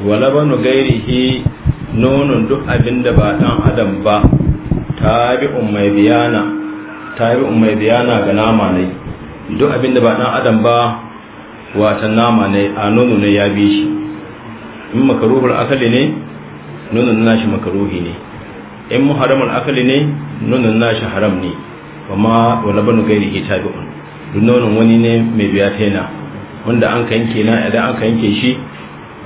wala banu gairihi nonon duk abin da ba dan adam ba tabi'un mai biyana tabi'un mai biyana ga nama ne duk abin da ba dan adam ba wata nama ne a nono ne ya bi shi in makaruhul akali ne na shi makaruhi ne in muharramul akali ne na shi haram ne amma wala banu gairihi tabi'un duk nonon wani ne mai biya yana wanda an kanke na idan an kanke shi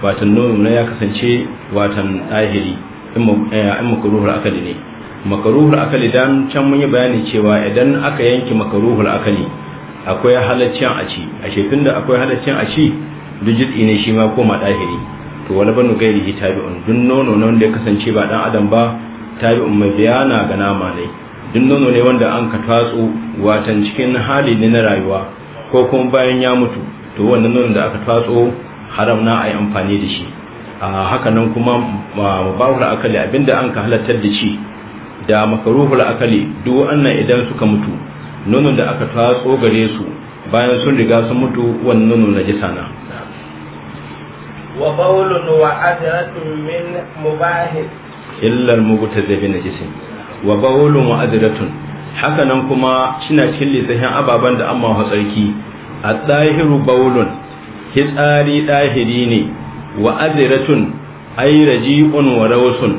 watan nono na ya kasance watan ɗahiri eh, in makaruhul akali ne makaruhul akali dan can mun yi bayani cewa idan aka yanki makaruhul akali akwai halaccin a ci a shefin da akwai halaccin a ci duk ne shi ma koma ɗahiri to wani banu gairi on dun nono na wanda ya kasance ba dan adam ba tabi'un mai bayana ga nama ne dun nono ne wanda an ka tatso watan cikin hali ne na rayuwa ko kuma bayan ya mutu to wannan nono da aka tatso haram na a yi amfani da shi haka nan kuma mubahul akali abinda an ka halattar da shi da makaruhul akali duk wannan idan suka mutu nonon da aka tatso gare su bayan sun riga sun mutu wannan nono na jisa na wa bawlun wa adratun min illa al na wa bawlun wa adratun haka nan kuma shina cikin lisahin ababan da amma tsarki a tsahiru bawlun hitsari ɗahiri ne wa aziratun ai raji'un wa rawsun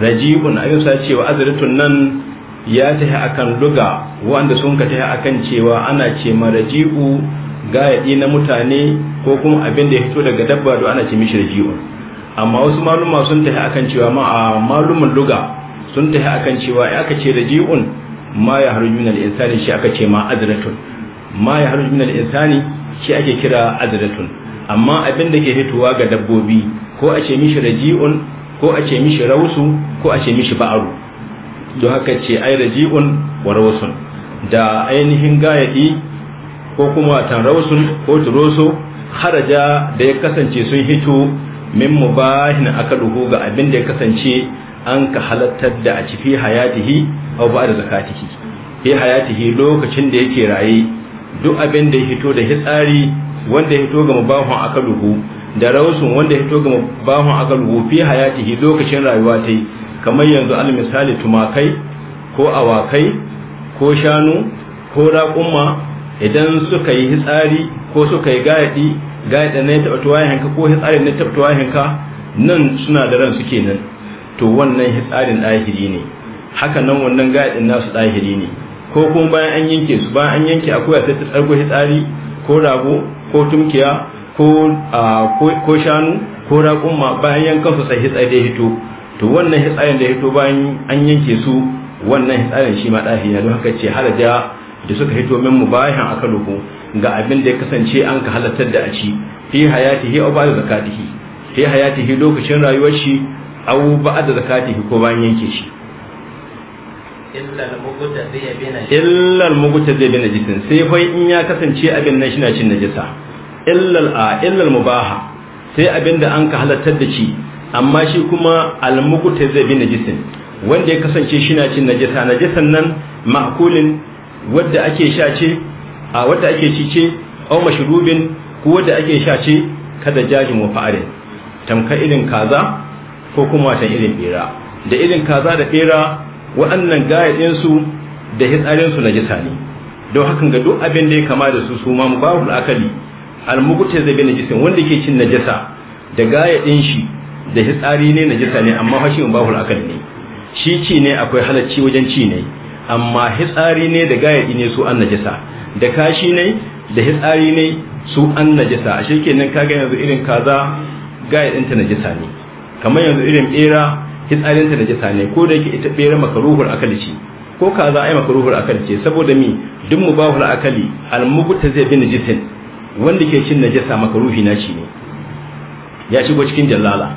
raji'un ayyusa cewa aziratun nan ya tahi akan duga wanda sun ka tahi akan cewa ana ce ma raji'u gayadi na mutane ko kuma abin da ya fito daga dabba da ana ce mishi raji'un amma wasu maluma sun tahi akan cewa ma a malumin duga sun tahi akan cewa ya aka ce raji'un ma ya harjuna al-insani shi aka ce ma azratun ma ya harjuna al-insani shi ake kira adratun amma abin da ke fitowa ga dabbobi ko a ce mishi raji'un ko a ce mishi rausu ko a ce mishi ba'aru don haka ce ai raji'un wa rausun da ainihin gayadi ko kuma tanrausun ko turoso haraja da ya kasance sun hito min mubahin akaduhu ga abin da ya kasance an ka halattar da a cikin hayatihi aw ba'da zakatihi fi hayatihi lokacin da yake raye duk abin da ya hito da hitsari wanda ya hito ga mubahun akaluhu da rausun wanda ya hito ga mubahun akaluhu fi hayatihi lokacin rayuwa ta yi kamar yanzu al misali tumakai ko awakai ko shanu ko raƙumma idan suka yi hitsari ko suka yi gaɗi gaɗi na ya taɓa tuwayenka ko hitsari na taɓa tuwayenka nan suna da ran suke nan to wannan hitsarin ɗahiri ne haka nan wannan gaɗin nasu ɗahiri ne ko kuma bayan an yanke su bayan an yanke akuya sai ta tsargo hitsari ko rago ko tumkiya ko shanu ko raƙumma bayan yankan su sai hitsari da hito to wannan hitsarin da hito bayan an yanke su wannan hitsarin shi ma ɗahi na don haka ce halaja da suka hito min mu aka akaluhu ga abin da ya kasance an ka halartar da a ci fi hi ba da zakatihi fi hi lokacin rayuwar shi ba da zakatihi ko bayan yanke shi illal muguta zai bi na najisin sai fai in ya kasance abin nan shina cin najisa illal a illal mubaha sai abin da an ka halattar da shi amma shi kuma al muguta zai bi na najisin wanda ya kasance shina cin najisa najisan nan ma'kulin wanda ake sha ce a wanda ake ci ce au mashrubin ko wanda ake sha ce kada jajin wa fa'arin tamka irin kaza ko kuma ta irin bera da irin kaza da bira waɗannan gayaɗinsu da hitsarinsu na jisa ne don hakan ga duk abin da ya kama da su su ma mubahul akali almugutai zabe na jisa wanda ke cin najasa da gayaɗin shi da hitsari ne jisa ne amma fashi mubahul akali ne shi ci ne akwai halacci wajen ci ne amma hitsari ne da gayaɗi ne su an najasa da kashi ne da hitsari ne su an najasa a shekenan kaga yanzu irin kaza na najasa ne kamar yanzu irin bera hitsarinta najasa ne ko da yake ita bera makaruhul akali ce ko ka za a yi makaruhul akali saboda mi duk mubahul akali mubta zai bi najisin wanda ke cin najasa makaruhi na ci ne ya shigo cikin jallala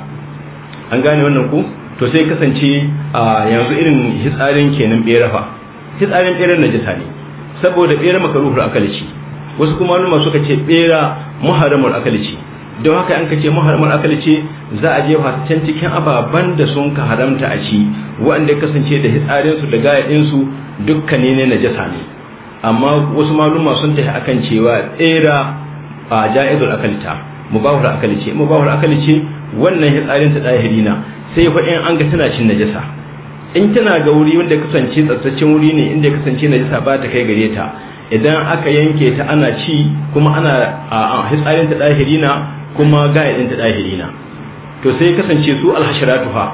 an gane wannan ku to sai kasance a yanzu irin hitsarin kenan bera fa hitsarin bera najasa ne saboda maka makaruhul akali ce wasu kuma maluma suka ce bera muharramul akali ce don haka an kace muharramar akali ce za a je can cikin ababan da sun ka haramta a ci waɗanda kasance da hitsarin su da gayadin su dukkan ne najasa ne amma wasu maluma sun tafi akan cewa tsera a ja'izul akalita mubahur akali ce mubahur akali ce wannan hitsarin ta dahirina sai fa in an ga tana cin najasa in tana ga wuri wanda kasance tsatsaccen wuri ne inda kasance najasa ba ta kai gare ta idan aka yanke ta ana ci kuma ana a hitsarin ta dahirina kuma gaya ɗin ta na to sai kasance su alhashiratuha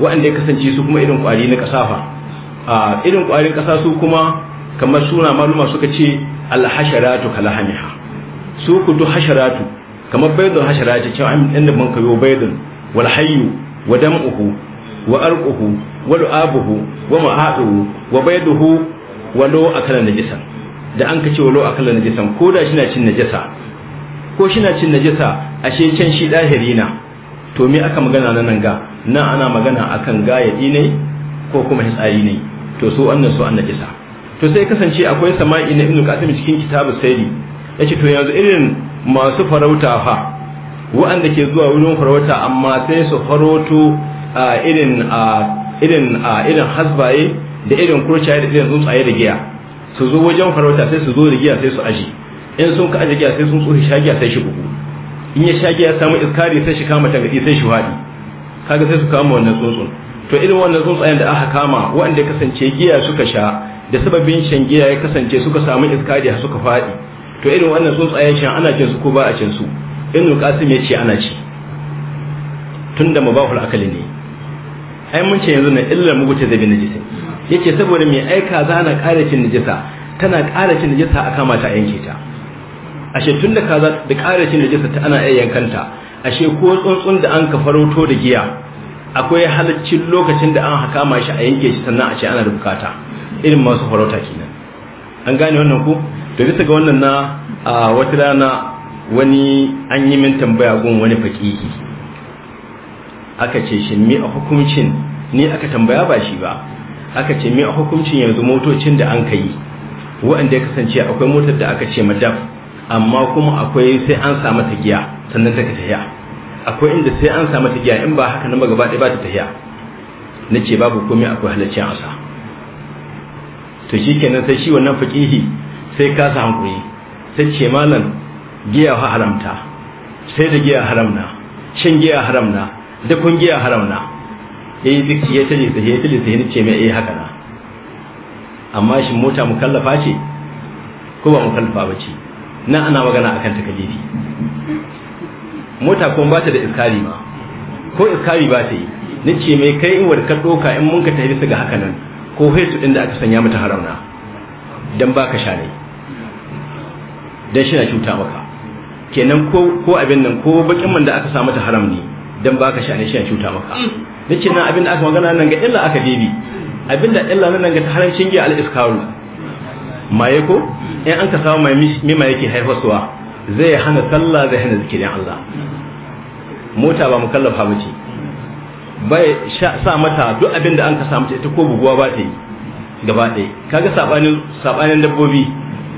waɗanda ya kasance su kuma irin ƙwari na ƙasa a irin ƙwarin ƙasa su kuma kamar suna maluma suka ce alhasharatu kalahamiha su kudu hasharatu kamar baydun hasharatu cewa an ɗan da banka kayo baydun wal hayyu wa dam'uhu wa arquhu wa lu'abuhu wa ma'aduhu wa bayduhu wa lo akala najisa da an kace wa lo akala najisa ko da shi na cin najasa ko shi na cin najasa ashe can shi ɗahiri na to me aka magana na nan ga nan ana magana akan gayadi ne ko kuma hisayi ne to su wannan su an najasa to sai kasance akwai sama'i na ibnu qasim cikin kitabu sayyidi yace to yanzu irin masu farauta fa wa'anda ke zuwa wurin farauta amma sai su faroto a irin a irin a irin hasbaye da irin kurciya da irin tsuntsaye da giya su zo wajen farauta sai su zo da giya sai su aji in sun ka aje giya sai sun tsohi shagiya sai shi bugu in ya shagiya ya samu iskari sai shi kama tangadi sai shi haɗi kaga sai su kama wannan tsuntsun to irin wannan tsuntsayen da aka kama waɗanda kasance giya suka sha da sababin shan giya ya kasance suka samu iskari suka faɗi to irin wannan tsuntsayen shan ana cin su ko ba a cin su nuka su ya ce ana ci tunda mabahul akali ne ai mun ce yanzu na illar muguce da bin najisi yace saboda mai aika za na ƙara cin najisa tana ƙara cin najisa a kama ta yanke ta ashe tun da kaza da da najasa ta ana iya yankanta ashe ko tsuntsun da an ka faroto da giya akwai halaccin lokacin da an haka ma shi a yanke shi sannan a ce ana da bukata irin masu farauta kenan an gane wannan ku da bisa ga wannan na a wata rana wani an yi min tambaya gun wani faƙiƙi aka ce shi me a hukuncin ni aka tambaya ba shi ba aka ce me a hukuncin yanzu motocin da an ka yi ya kasance akwai motar da aka ce madaf amma kuma akwai sai an samu giya sannan take tafiya akwai inda sai an samu giya in ba haka nan ba gaba ɗaya ba ta tafiya nace babu komai akwai halaccin asa to shikenan sai shi wannan fakihi sai kasa hankuri sai ce malam giya fa haramta sai da giya haramna cin giya haramna da kun giya haramna eh duk ya tare sai ya tare sai nace mai eh haka na amma shin mota mukallafa ce ko ba mukallafa ba ce Na ana magana kan takalifi mota kuma ba ta da iskari ma ko iskari ba ta yi ni ce mai kai in wadda ɗoka in mun ka tafi su ga haka nan ko haitu ɗin da aka sanya mata harauna don ba ka sha ne don shi na cuta maka kenan ko abin nan ko bakin man da aka sa mata haram ne don ba ka sha ne shi na cuta maka ni ce nan abin da aka magana nan ga illa aka debi abin da illa nan ga ta haramcin giya al'iskaru iskaru maye ko in an ka samu mai mima yake haifarsuwa zai hana sallah zai hana zikirin Allah mota ba mukallafa ba ce bai sa mata duk abin da an ka samu ita ko buguwa ba ta yi gaba ɗaya kaga sabanin sabanin dabbobi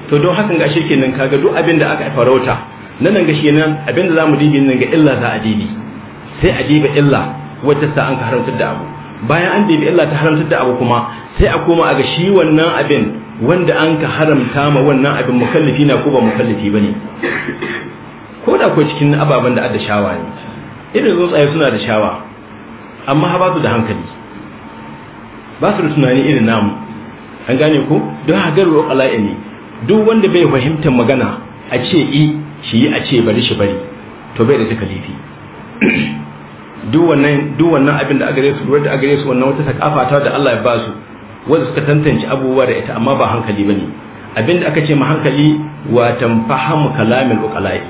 to don hakan ga kenan kaga duk abin da aka farauta nan ga nan abin da zamu dibi nan ga illa za a dibi sai a diba illa wacce sa an ka haramta da abu bayan an dibi illa ta haramta da abu kuma sai a koma a ga shi wannan abin wanda an ka haramta ma wannan abin mukallafi na ko ba mukallafi ba ne ko da kuwa cikin ababen da adda shawa ne irin tsaye suna da shawa amma ha ba su da hankali ba su da tunani irin namu an gane ko don hagar roƙala'i ne duk wanda bai fahimtar magana a ce i shi yi a ce bari shi bari to bai da takalifi duk wannan abin da agare su su, wannan wata takafata ta da Allah ya ba su wanda suka tantance abubuwa da ita amma ba hankali bane abinda aka ce ma hankali wa tanfahamu kalamil uqala'i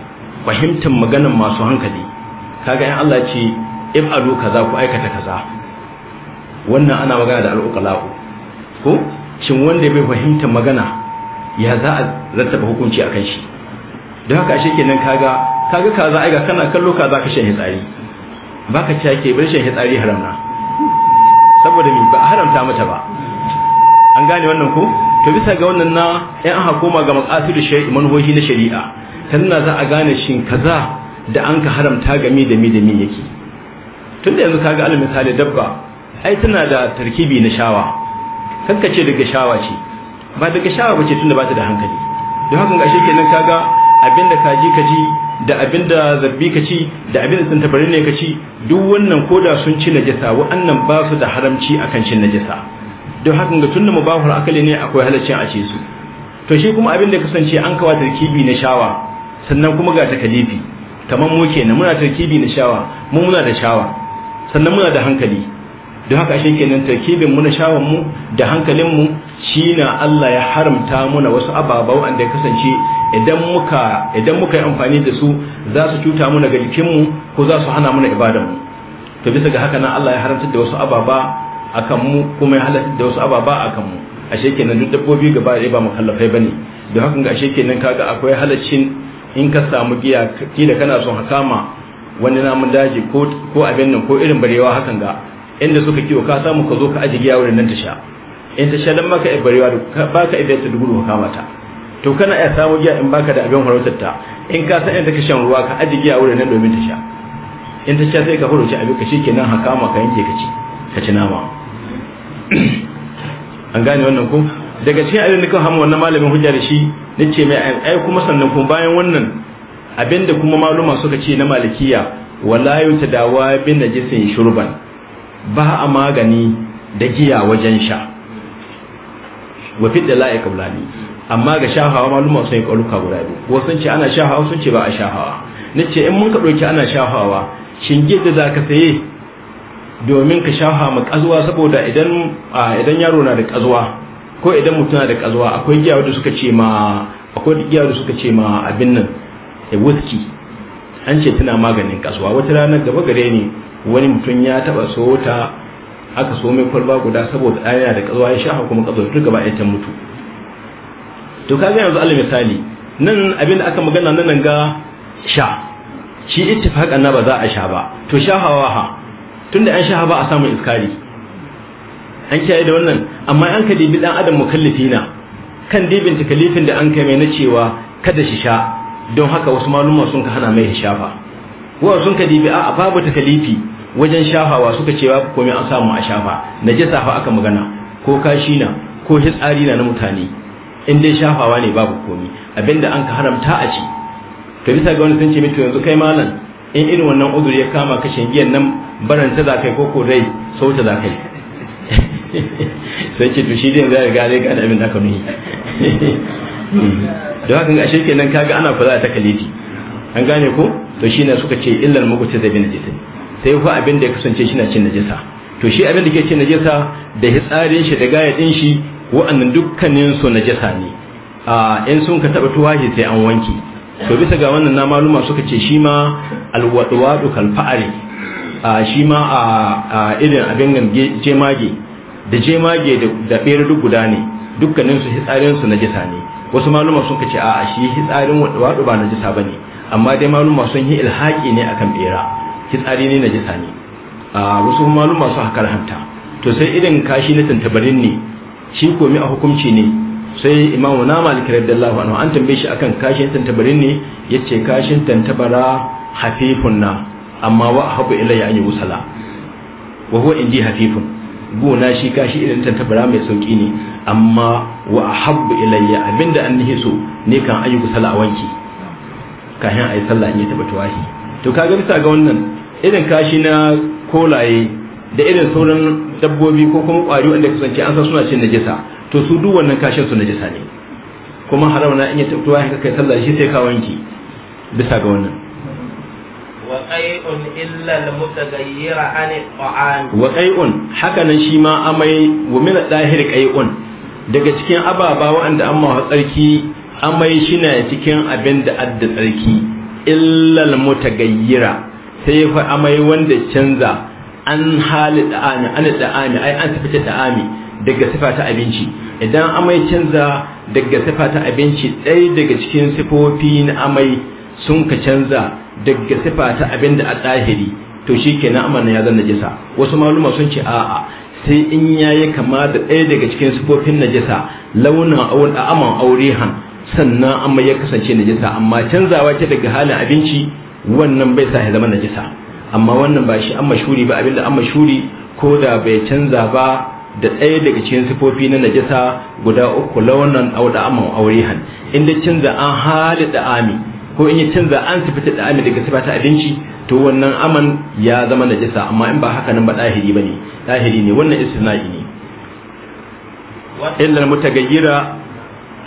fahimtar maganan masu hankali kaga in Allah ce if'alu kaza ku aikata kaza wannan ana magana da al-uqala'u ko shin wanda bai fahimtar magana ya za a rattaba hukunci akan shi don haka ashe kenan kaga kaga kaza ga kana kallo kaza ka shan hitsari baka ce ake bar shan hitsari haram na saboda me ba haramta mata ba an gane wannan ku? to bisa ga wannan na yan aka koma ga maqasid da manhoji na shari'a sannan za a gane shin kaza da an ka haramta ga mi da mi da mi yake tunda yanzu kaga alal misali dabba ai tana da tarkibi na shawa kanka ce daga shawa ce ba daga shawa bace tunda ba ta da hankali don haka ga kenan kaga abinda kaji kaji da abinda zabbi kaci da abinda tabarin ne kaci duk wannan koda sun ci najasa wa'annan ba su da haramci akan cin najasa don haka ga tunda mubahul akali ne akwai halaccin a ce su to shi kuma abin da kasance an kawo tarkibi na shawa sannan kuma ga takalifi kamar mu kenan muna tarkibi na shawa mu muna da shawa sannan muna da hankali don haka shi kenan tarkibin mu na shawan mu da hankalin mu shi na Allah ya haramta muna wasu ababau wanda ya kasance idan muka idan muka yi amfani da su za su cuta muna ga mu ko za su hana muna ibadan mu to bisa ga haka nan Allah ya haramta da wasu ababa akan mu kuma ya halatta da wasu ababa akan mu ashe kenan duk dabbobi gaba ɗaya ba mukallafai bane don haka ashe kenan kaga akwai halaccin in ka samu giya da kana son hakama wani namun daji ko ko abin nan ko irin barewa hakan ga inda suka kiwo ka samu ka zo ka aje giya wurin nan ta sha in ta sha dan maka barewa baka idan ta dubu hakama ta to kana iya samu giya in baka da abin farautar ta in ka san inda ka shan ruwa ka aje giya wurin nan domin ta sha in ta sha sai ka furuci abin ka shikenan hakama ka yanke ka ci ka ci nama an gane wannan ko daga cikin abin da kan hamu wannan malamin hujja da shi na ce mai ai kuma sannan kuma bayan wannan abinda kuma maluma suka ce na malikiya wala yu tadawa bin najisin shurban ba a magani da giya wajen sha wa da la'i kablani amma ga shahawa maluma sun yi kauluka guda biyu wasu ce ana shahawa sun ce ba a shahawa nace in mun ka dauki ana shahawa shin giya da zaka saye domin ka shafa ma kazuwa saboda idan idan yaro na da kazuwa ko idan mutum na da kazuwa akwai giya wanda suka ce ma akwai giya wanda suka ce ma abin nan a eh, whisky an ce tana maganin kazuwa wata rana gaba gare ni wani mutum ya taba so ta aka so mai kwalba guda saboda ɗaya da kazuwa ya shafa kuma kazuwa gaba ba ta mutu to ka ga yanzu alal misali nan abin da aka magana nan ga sha shi ittifaqan na ba za a sha ba to shahawa ha tunda an sha ba a samun iskari an kiyaye da wannan amma an ka dibi dan adam mukallafi na kan dibin takalifin da an kai mai na cewa kada shi sha don haka wasu maluma sun ka hana mai shafa wa sun ka dibi a babu takalifi wajen shafawa suka cewa komai an samu a shafa najasa fa aka magana ko kashi na ko hitsari na na mutane in dai shafawa ne babu komai abinda an ka haramta a ci to bisa ga wani sun ce mutu yanzu kai malam in irin wannan uzuri ya kama kashin giyan nan baranta za kai koko dai sauta za kai sai ce to shi dai zai riga dai ga abin da ka nuhi da haka ga shirke nan kaga ana kula ta takaliti an gane ko to shi ne suka ce illal mugutu da bin jisin sai fa abin da ya kasance shi na cin najisa to shi abin da ke cin najisa da hitsarin shi da gayadin shi wa'annan dukkanin su najisa ne a in sun ka taba shi sai an wanke to bisa ga wannan na maluma suka ce shi ma alwadwadu kalfa'ari a shi ma a irin abin nan jemage da jemage da ɓera duk guda ne dukkanin su hitsarin su najisa ne wasu maluma sun kace a shi hitsarin wadu ba najisa ne amma dai maluma sun yi ilhaki ne akan ɓera hitsari ne najisa ne a wasu maluma sun haka rahanta to sai irin kashi na tantabarin ne shi komi a hukunci ne sai imamu na malik radiyallahu anhu an tambaye shi akan kashin tantabarin ne yace kashin tantabara hafifun na amma wa habu ya an sala, wa huwa inji hafifun gona shi kashi irin ta tabara mai sauki ne amma wa habbu ya abinda an nihi so ne kan ayi sala a wanki kayan ayi sallah in ya taba tawahi to ka ga bisa ga wannan irin kashi na kolaye da irin sauran dabbobi ko kuma kwari wanda kasance an san suna cin najisa to su duk wannan kashin su najisa ne kuma haram na in ya taba tawahi kai sallah shi sai ka wanki bisa ga wannan wa qai'un haka nan shi ma amai wa min dahir ƙai'un. daga cikin ababa an amma tsarki amai shi na cikin abin da adda tsarki illal mutagayyira sai fa amai wanda canza an hali da'ami an da'ani ai an tafi da'ami daga sifa abinci idan amai canza daga sifa abinci ɗaya daga cikin sifofi na amai sun ka canza daga sifa ta abin da a tsahiri to shi ke na'amar ya zan najisa wasu maluma sun ce a'a sai in ya yi kama da ɗaya daga cikin sifofin najisa launin a aman aure han sannan amma ya kasance najisa amma canzawa ce daga halin abinci wannan bai sa ya zama najisa amma wannan ba shi an mashuri ba abinda an mashuri ko da bai canza ba da ɗaya daga cikin sifofi na najisa guda uku launin auda aman aure han inda canza an hali da ami ko in yi canza an sifata da ami daga sifata abinci to wannan aman ya zama na najasa amma in ba haka nan ba ba ne. dahiri ne wannan istisna'i ne illa mutagayyira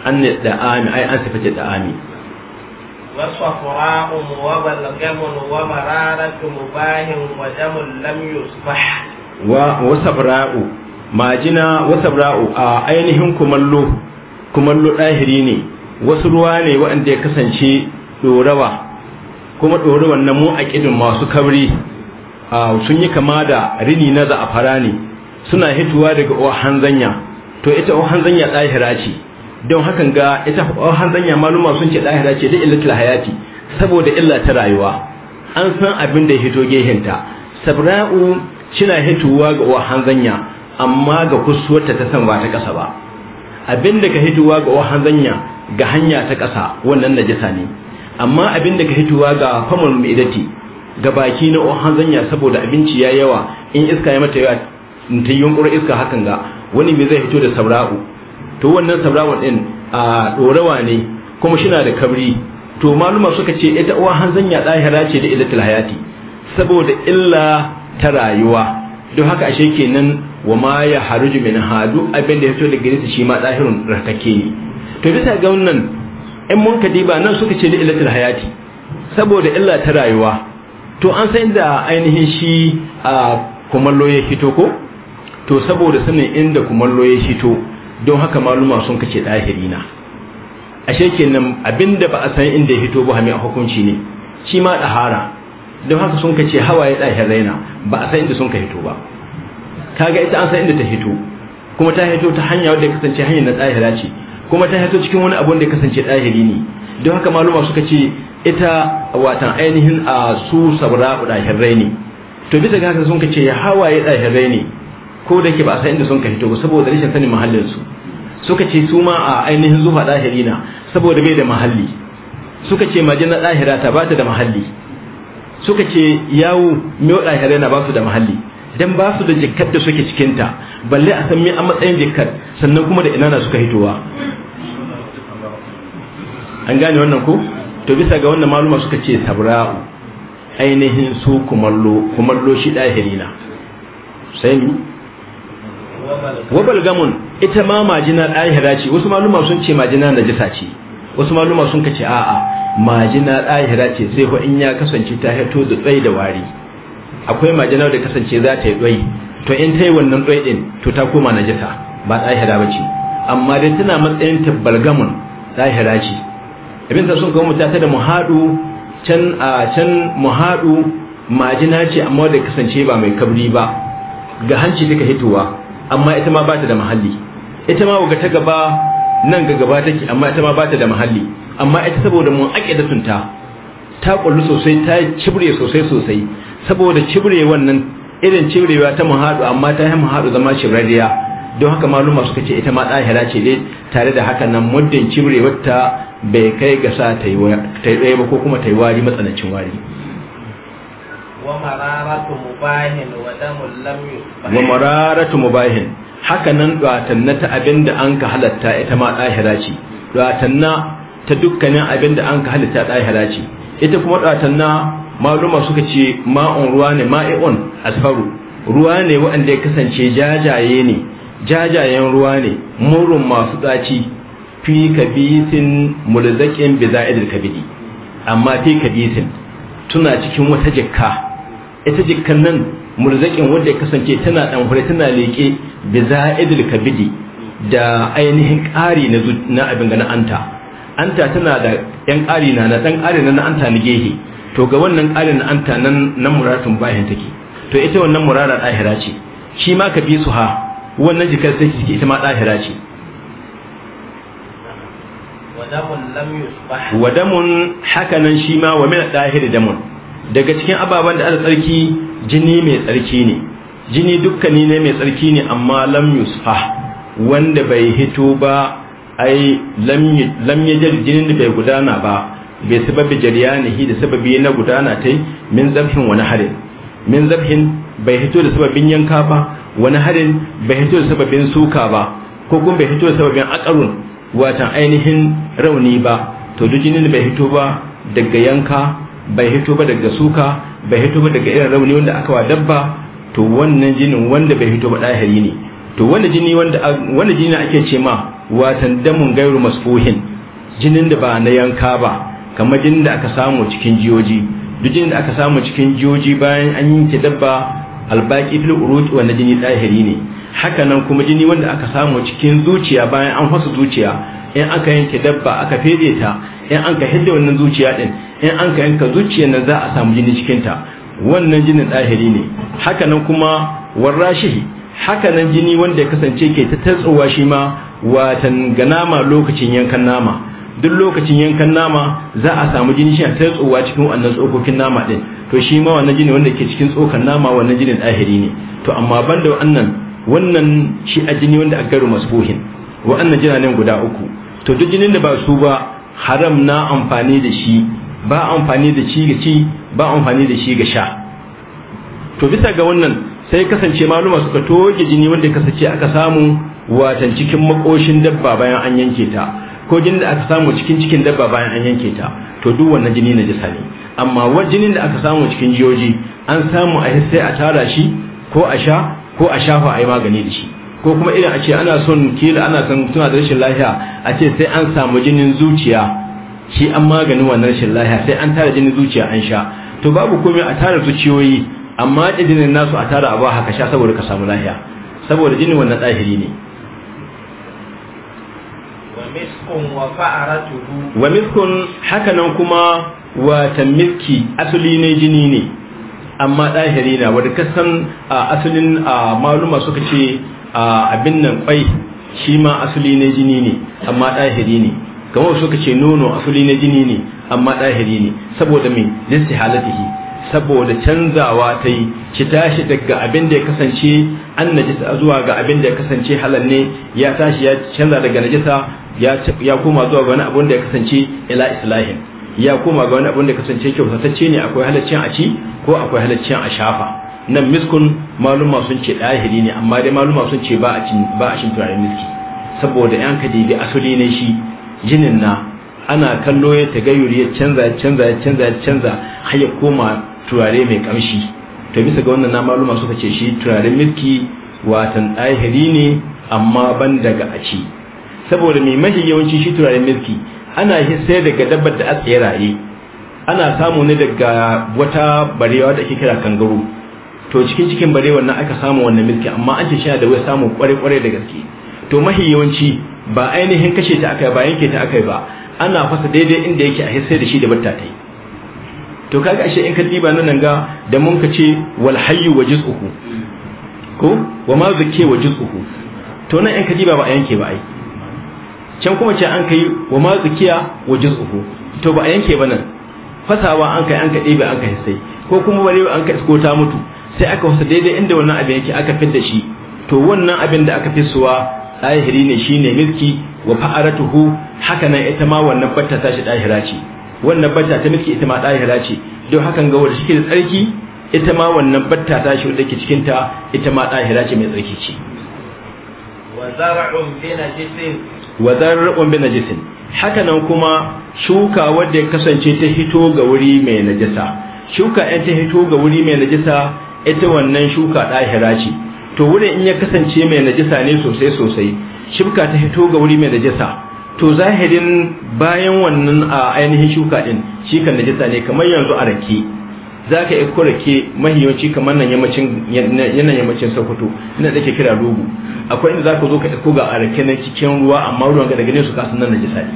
an da ami ai an sifata da ami وصفراء وبلغم ومرارة مباه ودم لم Wasu وصفراء majina wasu bra'u a ainihin kumallo kumallo ɗahiri ne wasu ruwa ne waɗanda ya kasance ɗorawa kuma ɗorawan na mu aƙidin masu kabri sun yi kama da rini na za'afara ne suna hituwa daga ohan zanya to ita ohan zanya ɗahira ce don hakan ga ita ohan zanya maluma sun ce ɗahira ce da illatul hayati saboda illa ta rayuwa an san abin da hito gehenta sabra'u cina hituwa ga ohan zanya amma ga kusurta ta san ba ta ƙasa ba abin da ka hituwa ga ohan zanya ga hanya ta ƙasa wannan najasa ne amma abin da ka hituwa ga famar maidati ga baki na ohan zanya saboda abinci ya yawa in iska ya mata yawa ta yunkuri iska hakan ga wani mai zai hito da sabra'u to wannan saura'u din a dorawa ne kuma shi na da kabri to maluma suka ce ita ohan zanya ɗahira ce da idatul hayati saboda illa ta rayuwa don haka ashe kenan wa ma ya haruju min hadu abin da ya fito daga gare shi ma ɗahirun rakake ne to bisa ga wannan in mun ba nan suka ce li'ilatul hayati saboda illa ta rayuwa to an san inda ainihin shi a kumallo ya fito ko to saboda sanin inda kumallo ya fito don haka maluma sun kace dahirina ashe kenan abinda ba a san inda ya fito ba hami a hukunci ne shi ma dahara don haka sun kace hawaye dahiraina ba a san inda sun ka fito ba kaga ita an san inda ta fito kuma ta fito ta hanya wadda kasance hanyar na dahira ce kuma ta haito cikin wani abun da ya kasance ɗahiri ne don haka maluma suka ce ita watan ainihin a su sabra ɗahirai ne to bisa ga haka sun ka ce ya hawaye ɗahirai ne ko da ke ba a inda sun ka fito saboda rashin sanin mahallin su suka ce su ma a ainihin zuwa ɗahiri na saboda bai da mahalli suka ce majina ɗahira ta ba ta da mahalli suka ce yawo mai ɗahirai na ba su da mahalli dan ba su da jikkar da suke cikinta balle a san me a matsayin jikkar sannan kuma da ina na suka hitowa an gane wannan ko to bisa ga wannan maluma suka ce sabra'u ainihin su kumallo kumallo shi ɗahiri na sai ni wabal gamun ita ma majina ɗahira ce wasu maluma sun ce majina najisa ce wasu maluma sun kace ce a'a majina ɗahira ce sai in ya kasance ta hito da tsaye da wari akwai majinar da kasance za ta yi tsoyi to in ta yi wannan tsoyi din to ta koma na jita, ba tsahira ba ce amma dai tana matsayin tabbalgamun tsahira ce abin da sun kawo mutu ta da muhadu can a can muhadu majina ce amma da kasance ba mai kabri ba ga hanci duka hitowa amma ita ma bata da muhalli. ita ma ga ta gaba nan ga gaba take amma ita ma bata da muhalli, amma ita saboda mun aqidatun ta ta kullu sosai ta cibre sosai sosai saboda cibre wannan irin cibrewa ta muhadu amma ta yi muhadu zama cibrariya don haka maluma suka ce ita ma ɗahira ce dai tare da haka nan muddin cibrewar ta bai kai ga sa ta yi ɗaya ba ko kuma ta yi wari matsanancin wari wa mararatu mubahin haka nan ɗatanna ta abin da an ka halatta ita ma ɗahira ce ɗatanna ta dukkanin abin da an ka halatta ɗahira ce ita kuma ɗatanna maluma suka ce ma'un ruwa ne ma'i'un asfaru ruwa ne waɗanda ya kasance jajaye ne jajayen ruwa ne murun masu tsaci fi kabisin mulzakin biza'idil kabidi amma fi kabisin tuna cikin wata jikka ita jikkan nan mulzakin wanda ya kasance tana hure tana bi biza'idil kabidi da ainihin ƙari na abin ga na anta anta tana da yan ƙari na na ɗan ƙari na na anta na gehe to ga wannan alin anta nan nan muratun bahin take to ita wannan murara dahira ce shi ma ka bi su ha wannan jikar take ita ma dahira ce wa damun haka nan shi ma wa min dahira damun daga cikin ababan da aka tsarki jini mai tsarki ne jini dukkani ne mai tsarki ne amma lam yusfa wanda bai hito ba ai lam yajal jinin da bai gudana ba bai sababi hi da sababi na gudana tai min zabhin wani harin min zabhin bai hito da sababin yanka ba wani harin bai hito da sababin suka ba ko kuma bai hito da sababin akarun watan ainihin rauni ba to duk jinin bai hito ba daga yanka bai hito ba daga suka bai hito ba daga irin rauni wanda aka wa dabba to wannan jinin wanda bai hito ba ɗahiri ne to wanda jini wanda wanda jini ake ce ma watan damun gairu masfuhin jinin da ba na yanka ba kamar jinin da aka samu cikin jiyoji duk jin da aka samu cikin jiyoji bayan an yanke dabba albaki fil uruq wanda jini zahiri ne haka nan kuma jini wanda aka samu cikin zuciya bayan an fasa zuciya in aka yanke dabba aka fede ta in an ka hidda wannan zuciya din in an ka yanka zuciyar nan za a samu jini cikin ta wannan jinin zahiri ne haka nan kuma warashi haka nan jini wanda ya kasance ke ta tatsowa shi ma watan ganama lokacin yankan nama duk lokacin yankan nama za a samu jini shi sai tsowa cikin wannan tsokokin nama din to shi ma wannan jini wanda ke cikin tsokan nama wannan jinin ɗahiri ne to amma banda wannan wannan shi a jini wanda aka garu masbuhin wa'annan jinanen guda uku to duk jinin da ba su ba haram na amfani da shi ba amfani da shi ga ci ba amfani da shi ga sha to bisa ga wannan sai kasance maluma suka toge jini wanda kasance aka samu watan cikin makoshin dabba bayan an yanke ta ko jinin da aka samu cikin cikin dabba bayan an yanke ta to duk wannan jini na jisa ne amma wani jinin da aka samu cikin jiyoji an samu a sai a tara shi ko a sha ko a shafa a yi magani da shi ko kuma irin a ce ana son kila ana son tuna da rashin lafiya a ce sai an samu jinin zuciya shi an maganin wannan rashin lafiya sai an tara jinin zuciya an sha to babu komai a tara zuciyoyi amma jinin nasu a tara a ba haka sha saboda ka samu lafiya saboda jinin wannan ɗahiri ne wa miskun haka nan kuma wata miski asali ne jini ne amma ɗahiri na wadda kasan asalin maluma suka ce abin nan kwai shi ma asali ne jini ne amma ɗahiri ne kamar suka ce nono asali ne jini ne amma ɗahiri ne saboda mai lissi halatihi saboda canzawa ta yi ki tashi daga abin da ya kasance an najisa zuwa ga abin da ya kasance halal ne ya tashi ya canza daga najisa ya koma zuwa ga wani abun da ya kasance ila islahin ya koma ga wani abun da ya kasance kyautatacce ne akwai halaccin a ci ko akwai halaccin a shafa nan miskun maluma sun ce ɗahiri ne amma dai maluma sun ce ba a cin turaren miski saboda yan ka dibi asali ne shi jinin na ana kallo ya tagayyuri ya canza ya canza ya canza ya canza har ya koma turare mai kamshi to bisa ga wannan na maluma suka ce shi turare miski watan dahiri ne amma ban daga a ci saboda mai mahi yawanci shi turaren milki, ana shi sai daga dabbar da a tseraye ana samu ne daga wata barewa da ake kira kangaro to cikin cikin barewa na aka samu wannan milki amma an ce shi da wai samu kware-kware da gaske to mahi yawanci ba ainihin kashe ta aka ba yanke ta aka ba ana fasa daidai inda yake a hisse da shi da batta ta yi to kaga ashe in ka diba nan ga da mun ka ce wal hayyu wa juz'uhu ko wa ma zakke wa juz'uhu to nan in ka diba ba a yanke ba ai can kuma ce an kai wa ma tsakiya wa juz'uhu to ba a yanke ba nan fasawa an kai an kaɗe ba an kai sai ko kuma bare an kai ko ta mutu sai aka wasa daidai inda wannan abin yake aka fidda shi to wannan abin da aka fisuwa ɗahiri ne shine milki wa fa'aratuhu haka nan ita ma wannan batta ta shi ɗahira ce wannan batta ta milki ita ma ɗahira ce don hakan ga wanda shike da tsarki ita ma wannan batta ta shi dake cikin ta ita ma ɗahira ce mai tsarki ce wa zar'un bi najisin wa zar'un bi najisin haka nan kuma shuka wanda ya kasance ta hito ga wuri mai najasa shuka yan ta hito ga wuri mai najasa ita wannan shuka ɗahira ce to wurin in ya kasance mai najasa ne sosai sosai shuka ta hito ga wuri mai najasa to zahirin bayan wannan a ainihin shuka ɗin shi kan najisa ne kamar yanzu a rake za ka yi kurake mahiyoci kamar nan yammacin sokoto ina da ke kira rugu akwai inda za ka zo ka iko ga a rake cikin ruwa amma ruwan ga daga ne su kasu nan najisa ne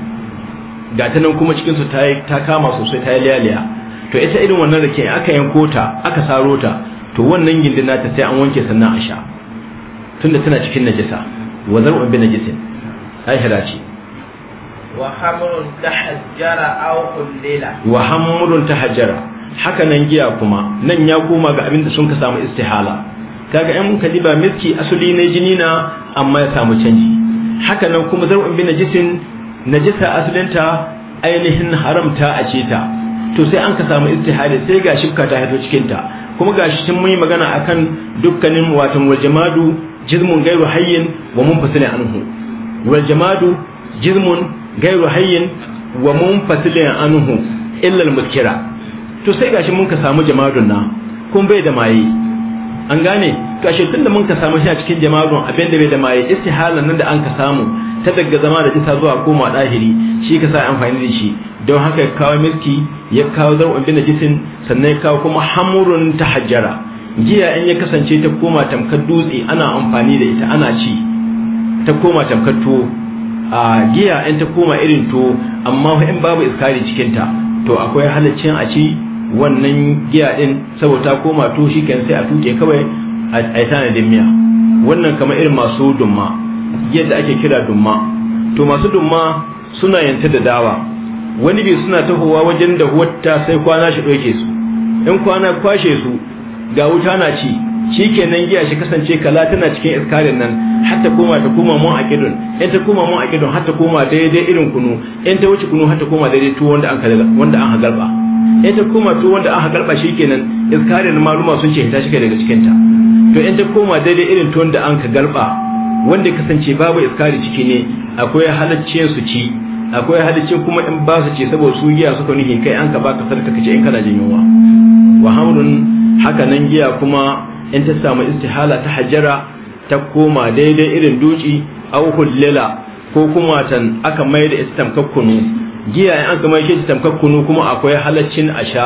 ga ta nan kuma cikinsu ta kama sosai ta yi liyaliya to ita irin wannan rake aka yanko ta aka saro ta to wannan gindina ta sai an wanke sannan a sha tunda tana cikin najisa wa zan bi najisin ai ce wa hamrun tahajjara aw kullila wa hamrun tahajjara haka nan giya kuma nan ya koma ga abin da sun ka samu istihala kaga yan muka diba miski asali ne jini na amma ya samu canji haka nan kuma zar'un bi najisin najisa asalinta ainihin haramta a ce ta to sai an ka samu istihali sai ga shifka ta hito cikin ta kuma ga shi mun yi magana akan dukkanin watan wal jamadu jizmun gairu hayyin wa munfasilin anhu wal jamadu jizmun gairu hayyin wa munfasilin anhu illa al muskira to sai gashi mun ka samu jama'adun na kun bai da maye an gane gashi tunda mun ka samu shi a cikin jama'adun da bai da maye istihalan nan da an ka samu ta daga zama da isa zuwa koma dahiri shi ka sa amfani da shi don haka ya kawo milki ya kawo zarwan bin najisin sannan ya kawo kuma hamurun ta hajjara giya in ya kasance ta koma tamkar dutse ana amfani da ita ana ci ta koma tamkar tuwo a giya in ta koma irin tuwo amma in babu iskari cikinta to akwai halaccin a ci wannan giya din saboda ta koma to shi kan sai a tuke kawai a yi tanadin miya wannan kamar irin masu dumma yadda ake kira dumma to masu dumma suna yanta da dawa wani bi suna tahowa wajen da wata sai kwana shi ɗauke su in kwana kwashe su ga wuta na ci shi kenan giya shi kasance kala tana cikin iskarin nan har ta koma ta koma mun akidun in ta koma mun akidun har ta koma daidai irin kunu in ta wuce kunu har ta koma daidai tuwo wanda an wanda an hagarba ita koma to wanda aka karba shi kenan iskarin maluma sun ce hita shi daga cikin ta to in ta koma daidai irin to wanda an ka garba wanda kasance babu iskari ciki ne akwai halacce su ci akwai halacce kuma in ba su ce saboda su giya suka nihi kai an ka baka sarka kace in kana jin yunwa wa hamrun haka nan giya kuma in ta samu istihala ta hajjara ta koma daidai irin duci au hullila ko kuma tan aka mai da istamkakkunu giya in an kama shi tamkar kunu kuma akwai halaccin asha,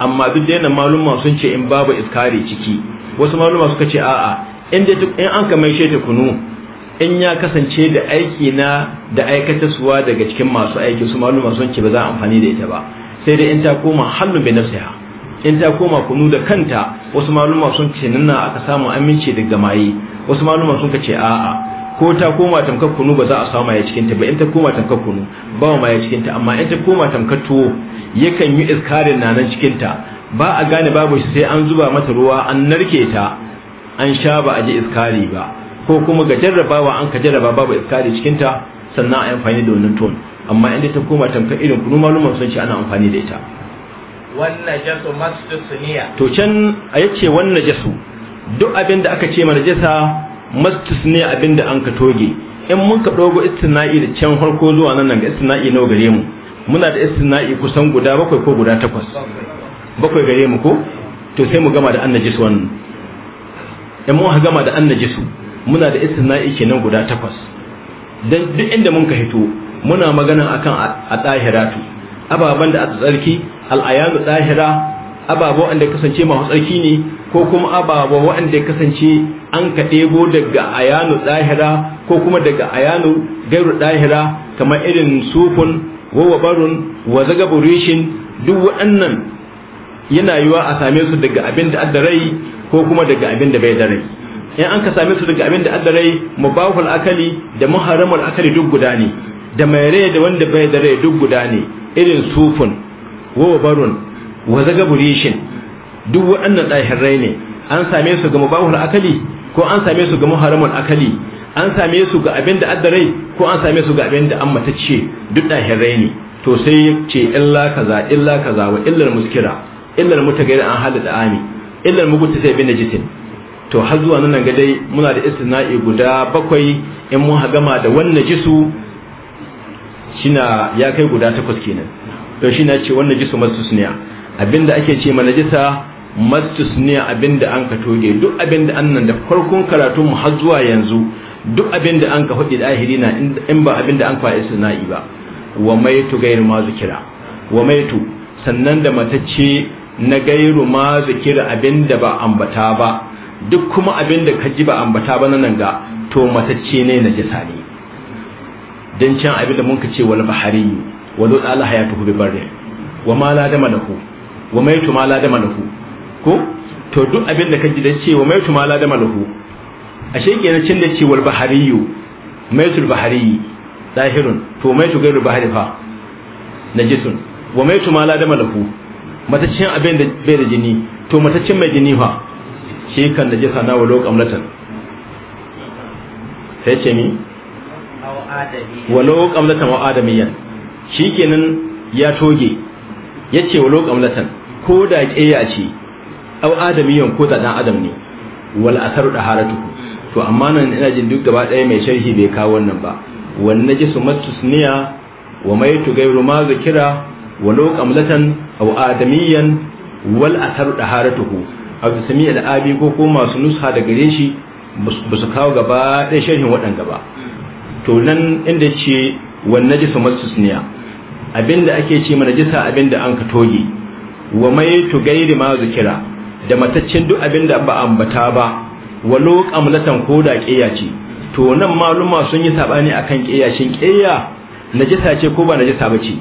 amma duk da yana maluma sun ce in babu iskari ciki wasu maluma suka ce a'a in an kama shi ta kunu in ya kasance da aiki na da aikata suwa daga cikin masu aiki su maluma sun ce ba za a amfani da ita ba sai dai in ta koma hannun bai nafsiha in ta koma kunu da kanta wasu maluma sun ce nuna aka samu aminci daga maye wasu maluma sun ce a'a ko ta koma tamkar kunu ba za a samu ya cikin ta ba in ta koma tamkar kunu ba ma ya cikin ta amma in ta koma tamkar tuwo yakan yi iskarin na nan cikin ta ba a gane babu shi sai an zuba mata ruwa an narke ta an sha ba a ji iskari ba ko kuma ga jarrabawa an ka jarraba babu iskari cikin ta sannan a yi amfani da wannan ton amma in ta koma tamkar irin kunu maluman sun ce ana amfani da ita wannan jasu masu to can a yace wannan jasu duk abin da aka ce mana jasa mastis ne abinda an ka toge in mun ka dogo istina'i da can farko zuwa nan nan ga istina'i nawa gare mu muna da istina'i kusan guda bakwai ko guda takwas bakwai gare mu ko to sai mu gama da su wannan in mun gama da annajisu muna da istina'i kenan guda takwas dan duk inda mun ka hito muna magana akan a tsahiratu ababan da a tsarki al-ayanu tsahira ababa wanda kasance masu tsarki ne ko kuma ababa wanda kasance an ka ɗebo daga ayanu zahira ko kuma daga ayanu gairu zahira kamar irin sufun wawabarun wa zagaburishin duk waɗannan yana yiwa a same su daga abin da rai ko kuma daga abin da bai da rai in an ka same su daga abin da rai mubahul akali da muharramul akali duk guda ne da mai rai da wanda bai da rai duk guda ne irin sufun wawabarun wa zaga burishin duk waɗannan ɗahirai ne an same su ga mubahul akali ko an same su ga muharamul akali an same su ga abin da rai ko an same su ga abin da amma ce duk ɗahirai ne to sai ce illa kaza illa kaza wa illar muskira illar mutagair an da ami illar mugunta sai bin jitin to har zuwa nan ga dai muna da istina'i guda bakwai in mun gama da wannan jisu shina ya kai guda takwas kenan to shina ce wannan jisu masu suniya abinda ake ce ma najisa mastus ne abinda an ka toge duk abinda annan da farkon karatun mu har zuwa yanzu duk abinda an ka faɗi dahiri na in ba abinda an faɗi sana'i ba wa maitu gairu ma zikira wa maitu sannan da matacce na gairu ma zikira abinda ba ambata ba duk kuma abinda ka ji ba ambata ba nan ga to matacce ne na jisa ne dan can abinda mun ka ce wal bahari wa lut ala hayatuhu bi barri wa ma la dama lahu wa mai ma la dama lahu ko to duk abin da kaji da ce wa maitu ma la dama lahu ashe kenan cin da ce wal bahariyu maitul bahari zahirun to tu gairu bahari fa najisun wa maitu ma la dama lahu cin abin da bai da jini to cin mai jini fa shi kan jisa na wa kamlatan sai ce ni walau kamlatan wa adamiyan kenan ya toge yace walau kamlatan ko da ƙeya ce au adamiyan ko da dan adam ne wal asaru daharatuhu to amma nan ina jin duk gaba ɗaya mai sharhi bai kawo wannan ba wan najisu matusniya wa tu gairu ma zikira wa law qamlatan aw adamiyan wal asaru daharatuhu abu sami al'abi ko ko masu nusha da gare shi ba su kawo gaba ɗaya sharhin waɗanda ba to nan inda ce wan najisu matusniya abinda ake ce mana jisa abinda an ka toge wa tu gairi ma zikira da mataccen duk abin da ba ambata ba walau qamlatan ko da ƙiya ce to nan maluma sun yi sabani akan ƙiya shin ƙiya najisa ce ko ba najisa ba ce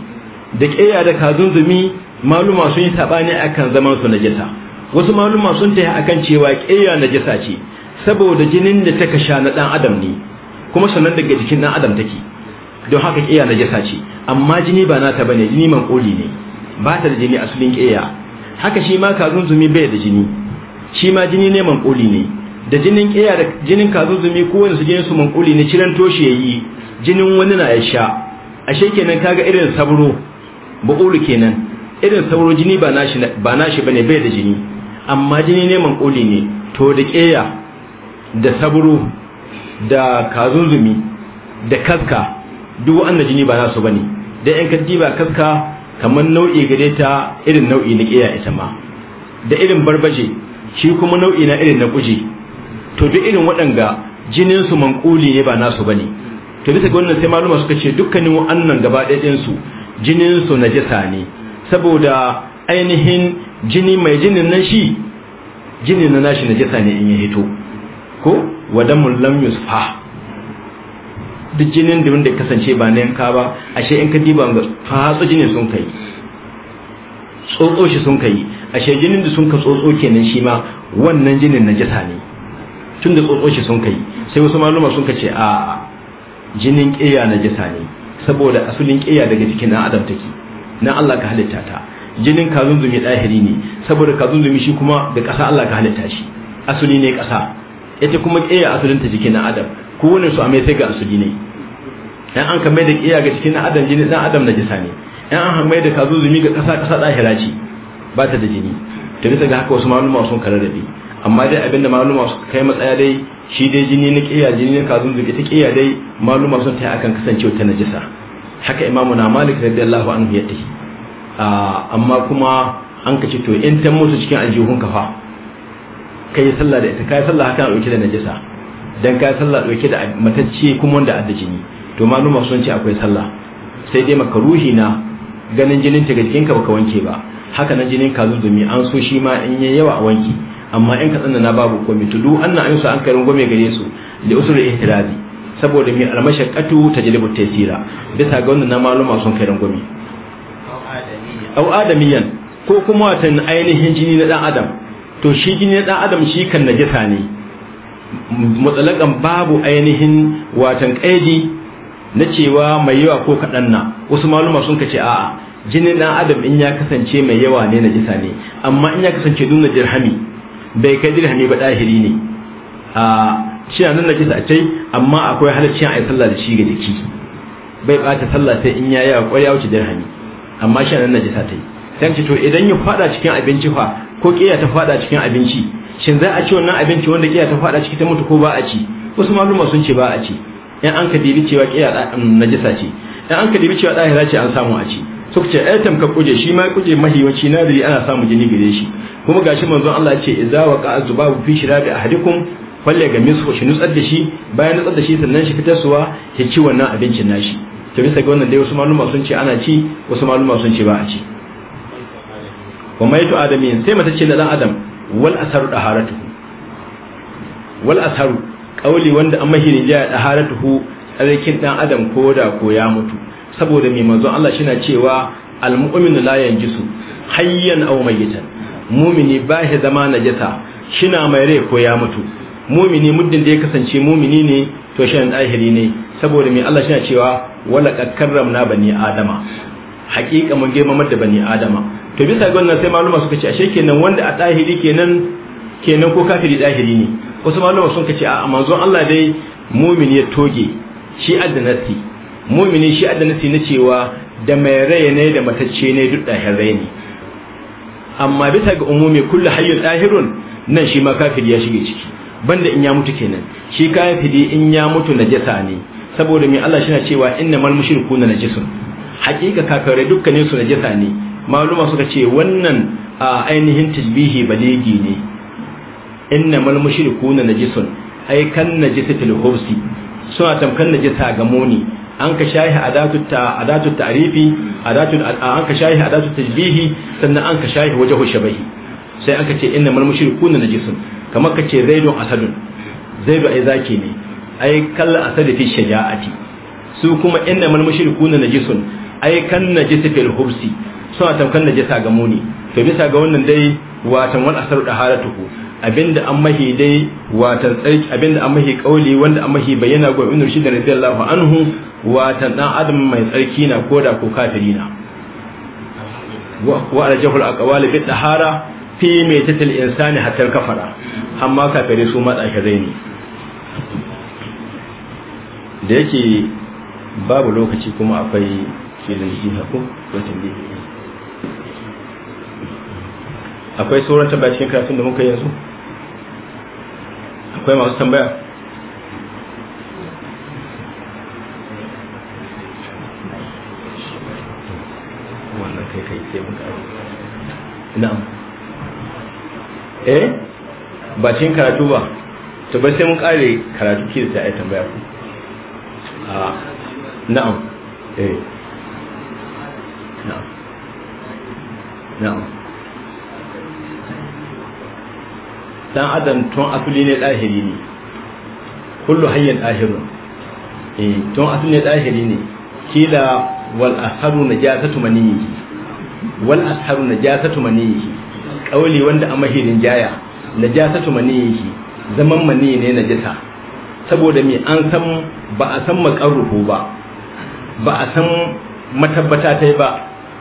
da ƙiya da kazunzumi maluma sun yi sabani akan zaman su najisa wasu maluma sun tayi akan cewa ƙiya najisa ce saboda jinin da ta kasha na dan adam ne kuma sannan daga jikin dan adam take don haka ƙiya najasa ce amma jini ba nata bane jini man koli ne ba ta da jini a sulin ƙeya haka shi ma kazunzumi bai da jini shi ma jini ne manƙuli ne da jinin ƙeya da jinin kazunzumi wani su jini su manƙuli ne ciran toshe ya yi jinin wani na ya sha ashe kenan kaga irin sabro ba'ulu kenan irin sauro jini ba nashi ba nashi bane bai da jini amma jini ne manƙuli ne to da ƙeya da sabro da kazunzumi da kaska duk wannan jini ba nasu bane dan in ka diba kaska kamar nau'i gare ta irin nau'i na ƙiya ita ma da irin barbaje shi kuma nau'i na irin na kuje to duk irin waɗanga jinin su manƙuli ne ba nasu bane to bisa ga wannan sai maluma suka ce dukkanin wannan gaba ɗayan su jinin su jisa ne saboda ainihin jini mai jinin nan shi jinin na nashi na jisa ne in ya hito ko wadamun lam yusfa duk jinin da wanda kasance ba na yanka ba ashe in ka diba ga fahatsu jinin sun kai tsotso shi sun kai ashe jinin da sun ka tsotso kenan shi ma wannan jinin najasa ne tun da tsotso shi sun kai sai wasu maluma sun ka ce a jinin na najasa ne saboda asulin kiyya daga jikin dan adam take na Allah ka halitta ta jinin kazunzumi dahiri ne saboda kazunzumi shi kuma da ƙasa Allah ka halitta shi asuli ne ƙasa ita kuma kiyya asulin ta jikin dan adam kowane su a mai sai ga su jini yan an kamar da ga cikin na adam jini dan adam na jisa ne yan an hamai da kazo zumi ga kasa kasa dahira ce ba ta da jini to bisa ga haka wasu maluma sun bi amma dai abinda maluma su kai matsaya dai shi dai jini na kiya jini na kazo zumi ta kiya dai maluma sun ta akan kasancewa ta najisa haka imamu na malik radiyallahu anhu ya tafi amma kuma an ka ce to in ta musu cikin aljihun kafa kai sallah da ita kai sallah haka na dauke da najisa dan ka sallah dauke da matacce kuma wanda adda jini to maluma sun ce akwai sallah sai dai maka ruhi na ganin jinin ta jikin ka baka wanke ba haka na jinin ka zuzumi an so shi ma in yayi yawa a wanki amma in ka na babu komai to duk annan ayyusa an kai rungume gare su da usul ihtirazi saboda mai almashaqqatu tajlibu taysira bisa ga wannan na maluma sun kai rungume au adamiyan ko kuma watan ainihin jini na dan adam to shi jini na dan adam shi kan najasa ne mutsalakan babu ainihin watan kaidi na cewa mai yawa ko kaɗan na wasu maluma sun kace a'a jinin ɗan adam in ya kasance mai yawa ne na jisa ne amma in ya kasance duna dirhami bai kai dirhami ba ɗahiri ne a cewa nan na jisa ce amma akwai halaccin a yi sallah da shi ga jiki bai ɓata sallah sai in ya yawa ƙwarya wuce dirhami amma shi nan na jisa ta yi sai ce to idan ya faɗa cikin abinci fa ko ƙiya ta faɗa cikin abinci shin za a ci wannan abinci wanda kiya ta fada ciki ta mutu ko ba a ci wasu maluma sun ce ba a ci in an ka dibi cewa kiya mm, najisa ce in an ka dibi cewa dahira ce an samu a ci suka ce ai eh, tamka kuje shi ma kuje na nadiri ana samu jini gare shi kuma gashi manzon Allah ya ce idza waqa azubabu fi shirabi ahadikum falle ga misu shi nutsar da shi bayan nutsar da shi sannan shi fitar suwa ta ci wannan abincin nashi to bisa ga wannan dai wasu maluma sun ce ana ci wasu maluma sun ce ba a ci wa maitu adamin sai mata ce da dan adam wal asaru daharatuhu wal asaru kauli wanda an mahiri ya daharatuhu tsarkin dan adam ko da ko ya mutu saboda mai manzo Allah shine cewa al mu'minu la yanjisu hayyan aw mayitan mumini ba shi zama najasa shina mai rai ko ya mutu mumini muddin da ya kasance mumini ne to shi ɗahiri ne saboda mai Allah shine cewa wala kakkarram bani adama haƙiƙa mun girmamar da bani adama to bisa ga wannan sai maluma suka ce ashe kenan wanda a dahiri kenan kenan ko kafiri dahiri ne wasu maluma sun ce a manzon Allah dai mumini ya toge shi addanasi mumini shi addanasi na cewa da mai rai ne da matacce ne duk dahirai ne amma bisa ga umumi kullu hayyun dahirun nan shi ma kafiri ya shige ciki banda in ya mutu kenan shi kafiri in ya mutu najasa ne saboda mai Allah shi na cewa innamal mushrikuna najisun hakika kafirai dukkanin su najasa ne maluma suka ce wannan a ainihin tasbihi balegi ne Inna innamal mushrikuna najisun ay kan najisatil hubsi suna tamkan najisa ga muni an ka shayi adatu ta adatu ta'rifi adatu an ka shayi adatu tasbihi sannan an ka shayi wajhu shabahi sai an ka ce innamal mushrikuna najisun kamar ka ce zaidun asadun zaidu ai zaki ne ai kalla asadi fi shaja'ati su kuma innamal mushrikuna najisun ai kan najisa fil hubsi suna tamkan najasa ga muni to bisa ga wannan dai watan wal asar da halatuhu abinda an mahi dai watan tsarki abinda an mahi kauli wanda an mahi bayyana ga ibn rushd radiyallahu anhu watan dan adam mai tsarki na koda ko kafiri na wa ala jahul aqwali bi tahara fi maitatil insani hatta kafara amma kafiri su ma tsakarai ne da yake babu lokaci kuma akwai filin jiha ko ko tambaye akwai sauran tambaya cikin karatun da muka yanzu akwai masu tambaya wannan kai kai sai muka na'am eh ba cikin karatu ba to bai sai mun kare karatu ke da ta yi tambaya ku a na'am eh na'am na'am dan adam tun asali ne ɗahiri ne kullu hayyan ɗahirun eh tun asali ne ɗahiri ne kila wal asharu najasatu maniyi wal asharu najasatu maniyi kauli wanda a mahirin jaya najasatu maniyi zaman maniyi ne najasa saboda me an san ba a san makarruhu ba ba a san matabbata ta ba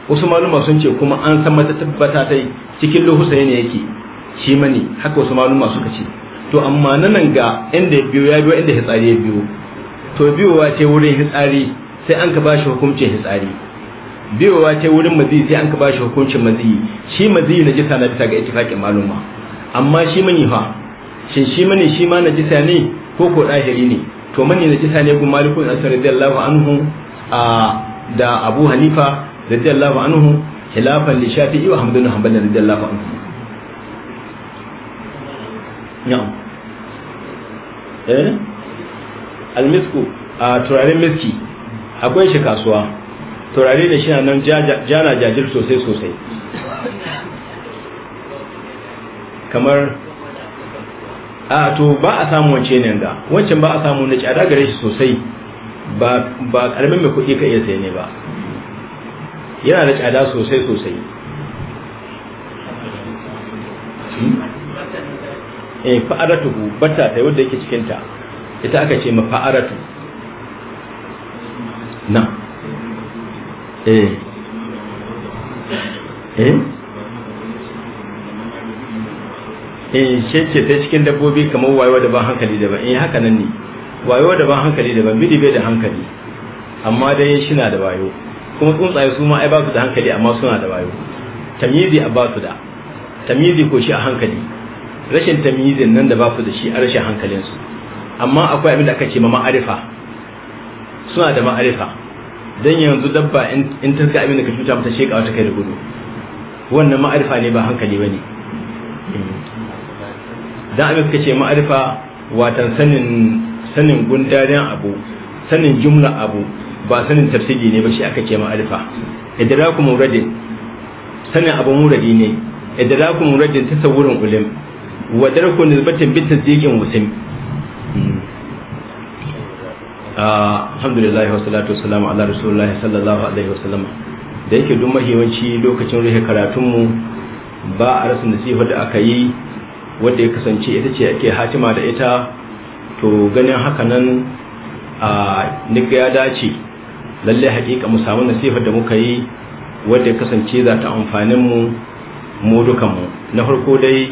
wasu ma sun ce kuma an san matabbata ta cikin lohusa ne yake shi mani haka wasu maluma suka ce to amma nan ga inda ya biyo ya biyo inda hitsari ya biyo to biyowa ce wurin hitsari sai an ka ba shi hukuncin hitsari biyowa ce wurin mazi sai an ka ba shi hukuncin mazi shi mazi na jisa na bisa ga ittifaqin maluma amma shi mani fa shin shi mani shi ma na jisa ne ko ko dahiri ne to mani na jisa ne gun malikun asr radiyallahu anhu a da abu hanifa radiyallahu anhu khilafan li shafi'i wa hamdun hanbal radiyallahu anhu na'am eh almisku a turaren miski akwai shi kasuwa turare da shi na nan jana jajir sosai sosai kamar a to ba a samu wance ne ga wancan ba a samu na tsada gare shi sosai ba karamin mai kuɗi ka iya sai ne ba yana da tsada sosai sosai hmm? eh fa'aratuhu bata ta wanda yake cikin ta ita aka ce ma fa'aratu na eh eh eh ce ce ta cikin dabbobi kamar wayewa da ban hankali da ban eh haka nan ne wayewa da ban hankali da ban bidi bai da hankali amma dai shi na da wayo kuma tsuntsaye su ma ai ba su da hankali amma suna da wayo tamyizi a ba su da tamyizi ko shi a hankali rashin tamizin nan da ba ku da shi a rashin hankalinsu amma akwai abin da aka ce ma ma'arifa suna da ma'arifa don yanzu dabba in ta abin da ka cuta mata sheka wata kai da gudu wannan ma'arifa ne ba hankali ba ne hmm. don abin suka ce ma'arifa watan sanin sanin gundarin abu sanin jumla abu ba sanin tafsiri ne ba shi aka ce ma'arifa idraku muradin sanin abu muradi ne idraku muradin tasawurin ulim wa darku nisbatin bi tasdiqin musim ah, alhamdulillah wa salatu wassalamu ala rasulillah sallallahu alaihi wasallam da yake duk mahimmanci lokacin rufe karatun mu ba a rasa nasiha da aka yi wanda ya kasance ita ce ake hatima da ita to ganin haka nan a nika ya dace lalle hakika mu samu nasiha da muka yi wanda ya kasance za ta amfanin mu mu dukanmu na farko dai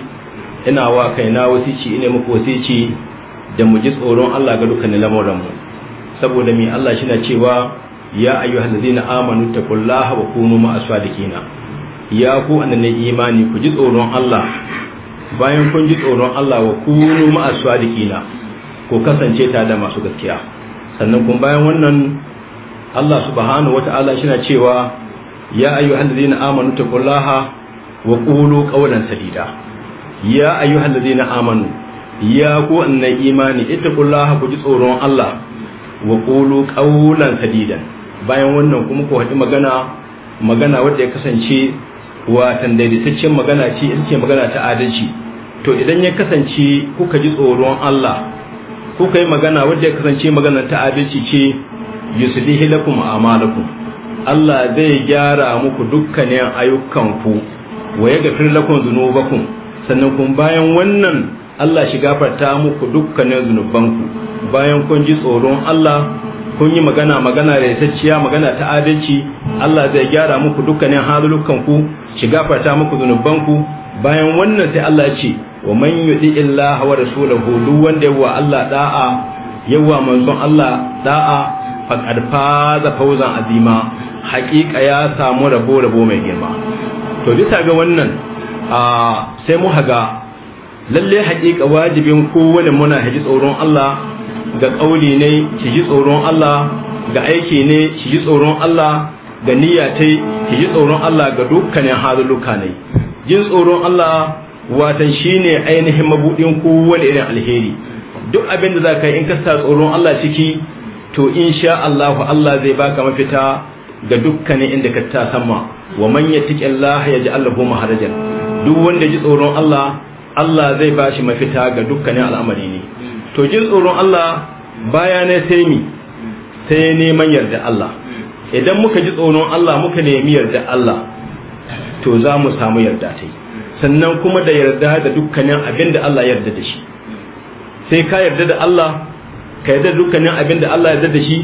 ina wa kaina wasici ina muku wasici da mu ji tsoron Allah ga dukkanin lamuranmu saboda me Allah shi na cewa ya ayyuhallazina amanu taqullaha wa kunu ma sadiqina ya ku annabi imani ku ji tsoron Allah bayan kun ji tsoron Allah wa kunu ma sadiqina ku kasance ta da masu gaskiya sannan kun bayan wannan Allah subhanahu wata'ala shi na cewa ya ayyuhallazina amanu taqullaha wa qulu qawlan sadida ya ayyuhal na amanu ya ku annai imani ittaqullaha ku ji tsoron Allah wa qulu qawlan sadidan bayan wannan kuma ku haɗi magana magana wadda ya kasance wa daidaitaccen magana ce ita ce magana ta adalci to idan ya kasance kuka ji tsoron Allah kuka yi magana wadda ya kasance magana ta adalci ce yusdihi lakum amalakum Allah zai gyara muku dukkanin ayyukanku wa ya lakum dhunubakum sannan kun bayan wannan Allah shi gafarta muku dukkanin zunubanku bayan kun ji tsoron Allah kun yi magana magana da yasacciya magana ta adalci Allah zai gyara muku dukkanin halulukanku ku shi gafarta muku zunubanku bayan wannan sai Allah ya ce wa man yuti illaha wa rasulahu duk wanda wa Allah da'a yawa manzon Allah da'a faqad faza fawzan azima haƙiƙa ya samu rabo rabo mai girma to bisa ga wannan sai mu haga lalle haƙiƙa wajibin kowane muna haji tsoron Allah ga ƙauli ne ki ji tsoron Allah ga aiki ne ki ji tsoron Allah ga niyya ta ki ji tsoron Allah ga dukkanin haluluka ne jin tsoron Allah watan shine ainihin mabuɗin kowane irin alheri duk abin da za ka yi in ka sa tsoron Allah ciki to insha Allah Allah zai baka mafita ga dukkanin inda ka ta sama wa man ji Allah yaj'al lahu maharajan duk wanda ji tsoron Allah Allah zai bashi mafita ga dukkanin al'amari ne to jin tsoron Allah baya ne sai mi sai neman yarda Allah idan muka ji tsoron Allah muka nemi yarda Allah to za mu samu yarda ta sannan kuma da yarda da dukkanin abin da Allah yarda da shi sai ka yarda da Allah ka yarda dukkanin abin da Allah yarda da shi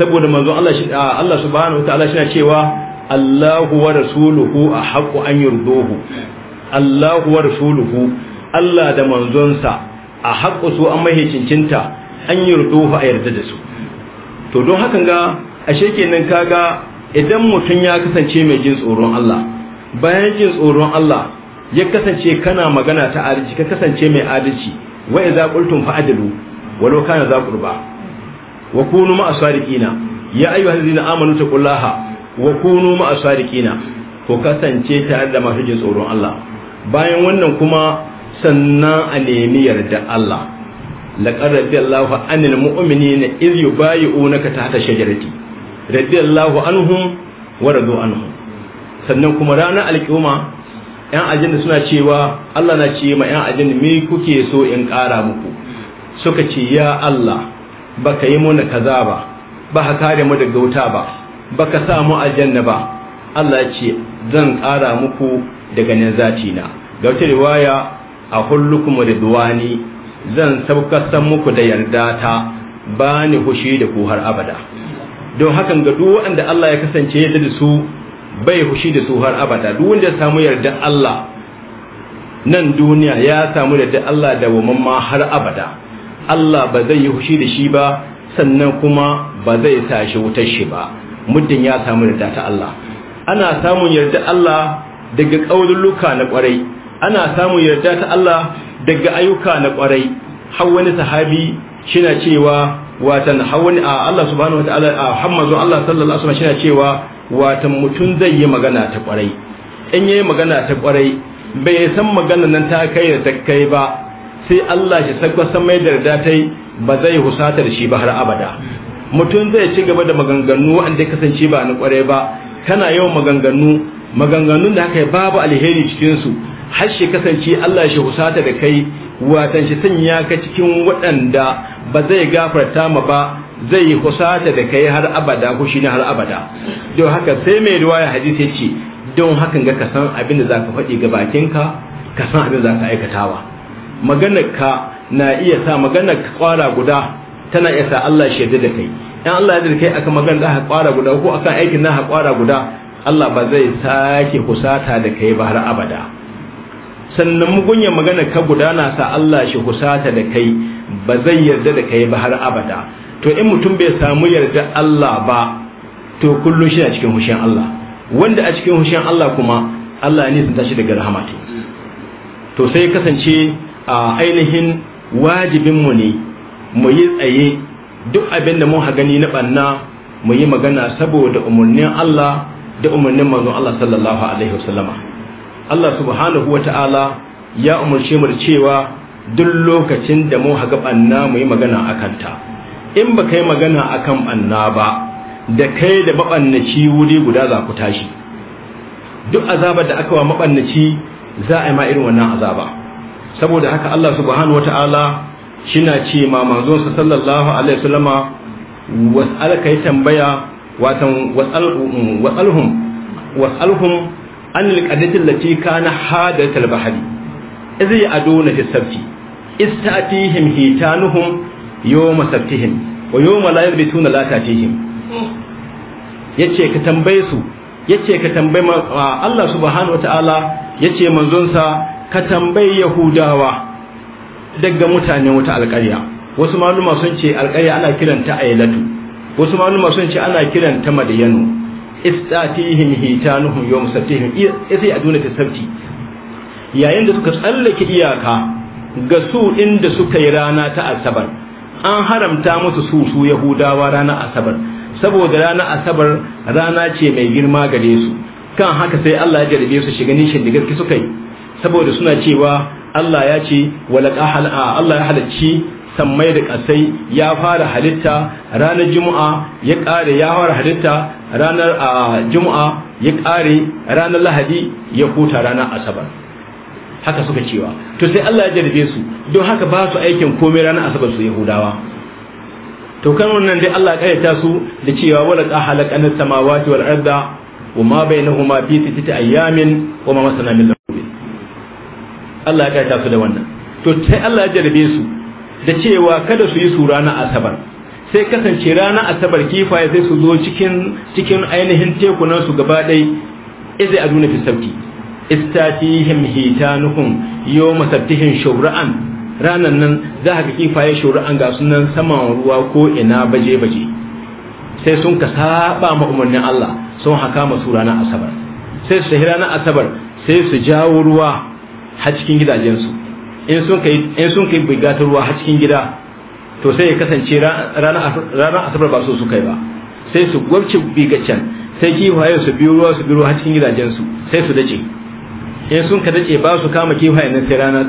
saboda manzo Allah shi ah, Allah subhanahu wataala shi na cewa Allahu wa rasuluhu a haƙƙo an yurduhu Allahu wa rasuluhu Allah da manzonsa a haƙƙo su an mahe cincinta an yi ruduhu a yarda da su to don hakan ga ashe kenan kaga idan mutum ya kasance mai jin tsoron Allah bayan jin tsoron Allah ya kasance kana magana ta adalci ka kasance mai adalci wa idza qultum fa'dilu walau kana za qurba wa kunu ma sadiqina ya ayyuhallazina amanu taqullaha wa kunu ma sadiqina ko kasance ta da masu jin tsoron Allah bayan wannan kuma sannan a nemi yarda Allah laqad radiyallahu anil mu'minina iz ta tahta shajarati radiyallahu anhum wa radu anhum sannan kuma ranar alƙiyama yan ajinda suna cewa Allah na ce ma yan ajinda me kuke so in ƙara muku suka ce ya Allah baka yi mana kaza ba ba ka kare mu daga wuta ba baka sa mu aljanna ba Allah ya ce zan ƙara muku da ganin zati na ga wata riwaya a hullukum ridwani zan san muku da yarda ta bani hushi da ku har abada don hakan ga duk wanda Allah ya kasance yadda da su bai hushi da su har abada duk wanda ya samu yarda Allah nan duniya ya samu yarda Allah da wamamma har abada Allah ba zai yi hushi da shi ba sannan kuma ba zai sa shi wutar shi ba muddin ya samu yarda ta Allah ana samun yarda Allah daga ƙaululluka na ƙwarai ana samun yarda ta Allah daga ayyuka na ƙwarai har wani sahabi shina cewa watan hawani a Allah subhanahu wataala a Muhammadu Allah sallallahu alaihi wasallam shina cewa watan mutun zai yi magana ta ƙwarai in yayi magana ta ƙwarai bai san magana nan ta kai da ta kai ba sai Allah shi sakwa san mai da yarda tai ba zai husatar shi ba har abada mutum zai ci gaba da maganganu wanda kasance ba na ƙwarai ba kana yawan maganganu maganganun da aka yi babu alheri cikinsu har shi kasance Allah shi husata da kai watan shi sanya ka cikin waɗanda ba zai gafarta ma ba zai husata da kai har abada ko shi ne har abada don haka sai mai ruwaya hadisi ya ce don hakan ga ka san abin da zaka faɗi ga bakinka ka san abin da zaka aikatawa maganar ka na iya sa maganar ka kwara guda tana iya sa Allah shi yadda da kai in Allah ya yarda da kai akan magana da ka kwara guda ko akan aikin na ka kwara guda Allah ba zai sake husata da kai ba har abada sannan mugunya magana ka gudana sa Allah shi husata da kai ba zai yarda da kai ba har abada to in mutum bai samu yarda Allah ba to kullum shi a cikin hushin Allah wanda a cikin hushin Allah kuma Allah ne sun tashi daga rahama to sai kasance a ainihin wajibin mu ne mu yi tsaye duk abin da mun gani na banna mu yi magana saboda umurnin Allah da umarnin manzon Allah sallallahu alaihi wasallama Allah subhanahu wata'ala ya umarce mu da cewa duk lokacin da mu haga banna mu yi magana akan ta in ba kai magana akan banna ba da kai da mabannaci wuri guda za ku tashi duk azabar da aka wa mabannaci za a yi ma irin wannan azaba saboda haka Allah subhanahu wata'ala shina ce ma manzon sallallahu alaihi wasallama was'alaka yi tambaya watan mm, wasalhum wasalhum an alqadati lati kana hadatul bahri idh yaduna fi sabti istatihim hitanuhum yawma sabtihim wa yawma la yabituna la tatihim yace ka tambaye su yace ka tambaye ah, Allah subhanahu wataala yace manzon sa ka tambaye yahudawa daga mutane wata alƙarya wasu maluma sun ce alƙarya ana kiranta ailatu wasu maluma masu ce ana kiran ta madayanu istatihim hitanuhum yawm sabtihim sai aduna ta sabti yayin da suka tsallake iyaka ga su inda suka yi rana ta asabar an haramta musu su su yahudawa rana asabar saboda rana asabar rana ce mai girma gare su kan haka sai Allah ya jarabe su shiga nishin da gaske suka yi saboda suna cewa Allah ya ce wala Allah ya halacci sammai da ƙasai ya fara halitta ranar juma'a ya ƙare ya fara halitta ranar a juma'a ya ƙare ranar lahadi ya huta ranar asabar haka suka cewa to sai Allah ya jarbe su don haka ba su aikin komai ranar asabar su yahudawa to kan wannan dai Allah ya ta su da cewa wala ta halaqana samawati wal arda wa ma bainahuma fi sittati ayamin wa ma masana min Allah ya ta su da wannan to sai Allah ya jarbe su da cewa kada su yi sura na asabar sai kasance ranar asabar kifaye sai su zo cikin cikin ainihin tekunan su gaba ɗai izai aduna fi sauki istatihim hitanuhum yawma sabtihim shura'an ranan nan za ka kifaye shura'an ga sunan saman ruwa ko ina baje baje sai sun ka saba ma umarnin Allah sun haka masu ranar asabar sai su tafi ranar asabar sai su jawo ruwa har cikin gidajensu in sun kai in sun kai ruwa har cikin gida to sai ya kasance ranar asabar ba su su kai ba sai su gwabce bigaccen sai kifaye su biyo ruwa su biyo har cikin gidajensu sai su dace in sun ka dace ba su kama kifaye nan sai ranar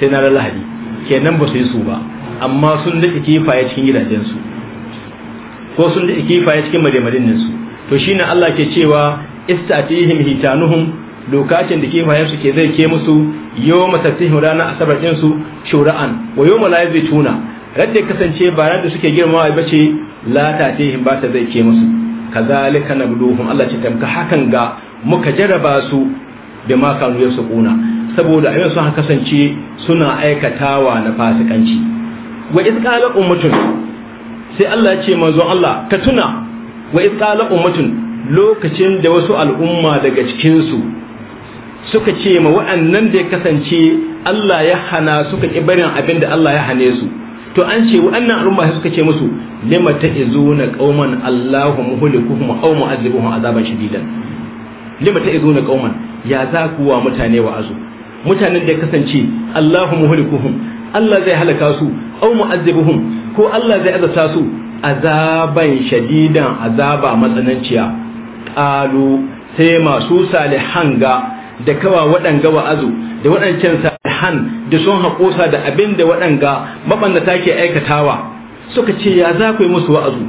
sai na lahadi kenan ba su yi su ba amma sun dace kifaye cikin gidajensu ko sun dace kifaye cikin nan su to shine Allah ke cewa istatihim hitanuhum lokacin da kifayen su ke zai ke musu yau masartihin ranar asabar ɗinsu shura'an wa yau mala zai tuna radda kasance ba da suke girma ba ce lata tehin ba ta zai ke musu kazalika na buluhun Allah ce tamka hakan ga muka jaraba su da ma kanu ya kuna saboda ayyukan sun kasance suna aikatawa na fasikanci wa isqala ummatun sai Allah ya ce manzo Allah ka tuna wa isqala ummatun lokacin da wasu al'umma daga cikinsu suka ce ma wa'annan da ya kasance Allah ya hana suka ƙi barin abin da Allah ya hane su to an ce wa'annan al'umma suka ce musu lima na qauman Allahu muhlikuhum aw mu'azibuhum azaban shadidan lima na qauman ya za ku wa mutane wa'azu mutanen da ya kasance Allahu muhlikuhum Allah zai halaka su aw mu'azibuhum ko Allah zai azata su azaban shadidan azaba matsananciya qalu sai masu salihan ga da kawa waɗanga wa'azu da waɗancan sahan da sun haƙosa da abin da waɗanga maɓannata ke aikatawa suka ce ya za ku yi musu wa'azu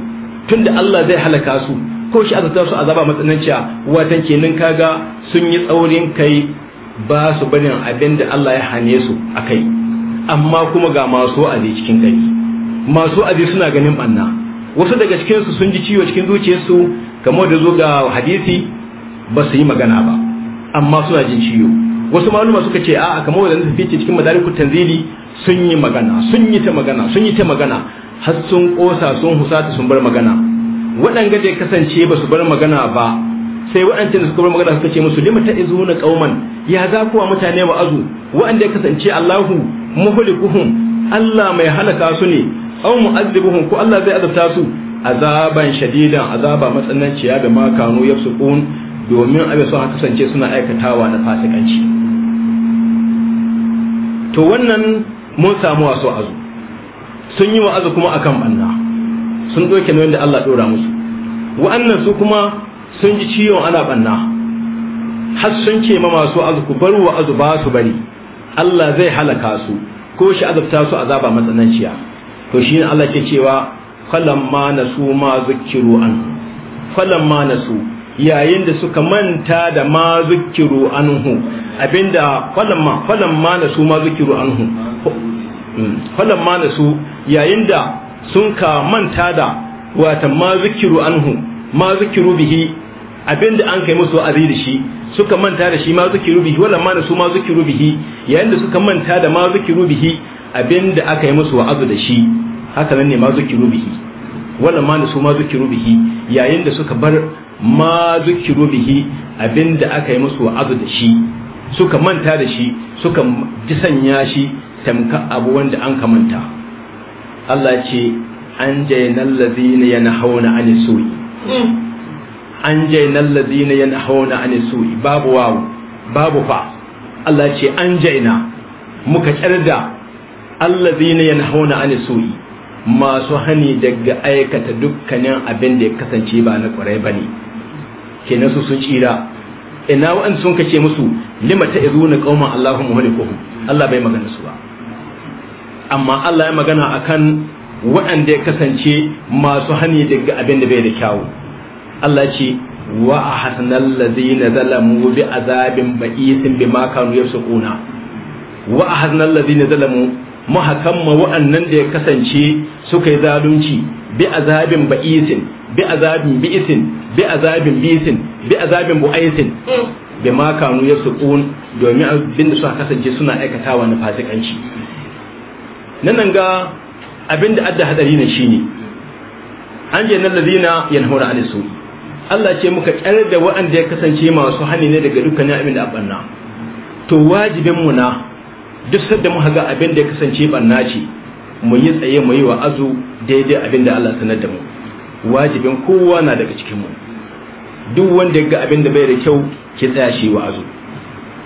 tunda Allah zai halaka su ko shi azabta su azaba matsananciya watan kenan kaga sun yi tsaurin kai ba su barin abin da Allah ya hane su a kai amma kuma ga masu wa'azi cikin gari masu wa'azi suna ganin banna wasu daga cikinsu sun ji ciwo cikin zuciyarsu kamar da zo ga hadisi ba su yi magana ba amma suna jin ciwo wasu maluma suka ce a'a kamar wanda su fice cikin madalikut tanzili sun yi magana sun yi ta magana sun yi ta magana har sun kosa sun husata sun bar magana Waɗanda da kasance ba su bar magana ba sai waɗancan da suka bar magana suka ce musu lima ta na qauman ya za kuwa mutane wa azu waɗanda ya kasance Allahu muhlikuhum Allah mai halaka su ne aw mu'azzibuhum ko Allah zai azabta su azaban shadidan azaba matsananciya da ma yafsukun domin abin sun kasance suna aikatawa na fasikanci to wannan mun samu wasu azu sun yi wa'azu kuma akan banna sun doke nauyin da Allah dora musu wa'annan su kuma sun ji ciwon ana banna har sun ce ma masu azu ku bar wa'azu ba su bari Allah zai halaka su ko shi azabta su azaba matsananciya to shine Allah ke cewa falamma nasu ma zukkiru an falamma nasu yayin da suka manta da ma zukiru anhu abinda falamma falamma na su ma zukiru anhu hmm. falamma na su yayin da sun ka manta da wata ma zukiru anhu ma zukiru bihi abinda an kai musu azi da shi suka manta da shi ma zukiru bihi wala ma su ma zukiru bihi yayin da suka manta da ma zukiru bihi abinda aka yi musu wa'azi da shi haka nan ne ma zukiru bihi wala ma su ma zukiru bihi yayin da suka bar ma zukiru bihi abinda aka yi musu wa'azu da shi suka manta da shi suka ji sanya shi tamka abu wanda an kamanta Allah ce an jainal ladina yanhauna an su'i an jainal ladina yanhauna ani su'i babu wawu babu fa Allah ce an jaina muka kyarda allazina yanhauna ani su'i masu hani daga aikata dukkanin abin da ya kasance ba na kwarai ne. kenan su sun tsira ina wa'an sun kace musu lima ta na qauman Allahu muhalikuhu Allah bai magana su ba amma Allah ya magana akan waɗanda ya kasance masu hani daga abin da bai da kyau. Allah ce wa ahsanal ladzina zalamu bi azabin ba'isin ma kanu yafsukuna wa ahsanal ladzina zalamu mu wa'annan da ya kasance suka yi zalunci bi azabin ba'isin bi azabin bi'isin bi azabin bi'isin bi azabin bu'aisin bi ma kanu yasqun domin abin da suka kasance suna aikatawa na fasikanci nan ga abin da adda hadari ne shine an je nan ladina yanhura an su Allah ce muka kyar da waɗanda ya kasance masu hani ne daga dukkanin abin da abanna to wajibin mu na duk sadda muka ga abin da ya kasance banna ce mu yi tsaye mu yi wa daidai abin da Allah sanar da mu wajibin kowa na daga cikin mu duk wanda ga abin da bai da kyau ki tsaya shi wa azu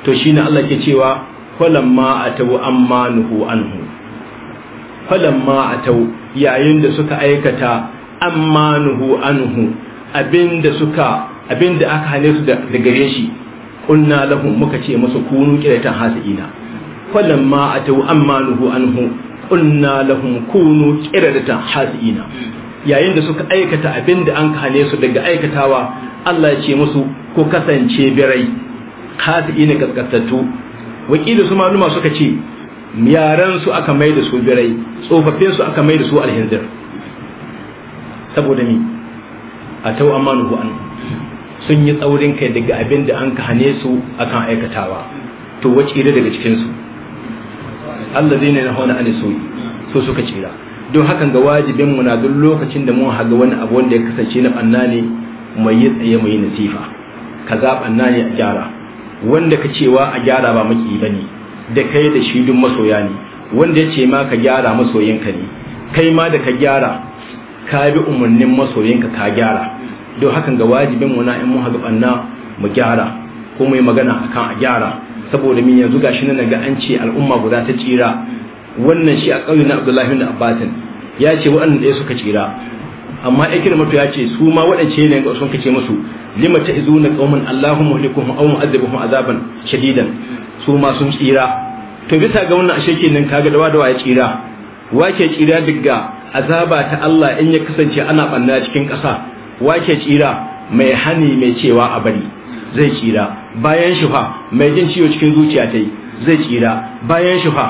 to shine Allah ke cewa falamma atau amma nuhu anhu falamma atau yayin da suka aikata amma nuhu anhu abinda suka abinda aka hane su da gare shi kunna lahum muka ce musu kunu qiratan ina? falamma atau amma nuhu anhu qulna lahum kunu qiradatan hasina yayin da suka aikata abin da an kane su daga aikatawa Allah ya ce musu ko kasance birai hasina gaskatattu wakilu su maluma suka ce yaran su aka mai da su birai tsofaffin su aka mai da su alhinzir saboda a tau amma nuhu anhu sun yi tsaurin kai daga abin da an kane su akan aikatawa to wace daga cikinsu allazina yanhauna anis su so suka tsira don hakan ga wajibin mu na duk lokacin da mun haga wani abu wanda ya kasance na banna ne mai yi tsaye mai nasifa kaza banna ne a gyara wanda ka cewa a gyara ba maki bane da kai da shi duk masoya ne wanda ya ce ma ka gyara masoyinka ne kai ma da ka gyara ka bi umarnin masoyinka ka gyara don hakan ga wajibin mu na in mun haga banna mu gyara ko mu yi magana akan a gyara saboda min yanzu gashi nan ga an ce al'umma guda ta tsira wannan shi a ƙauyen na Abdullahi ibn Abbasin ya ce waɗannan ɗaya suka tsira amma mutu ya ce su ma waɗance ne ga sun kace musu lima na qauman Allahu muhlikum aw mu'adzibuhum azaban shadidan su ma sun tsira to bisa ga wannan ashe kenan kaga dawa dawa ya tsira wake tsira daga azaba ta Allah in ya kasance ana banna cikin ƙasa wake tsira mai hani mai cewa a bari zai tsira bayan shi fa mai jin ciwo cikin zuciya ta yi zai tsira bayan shi fa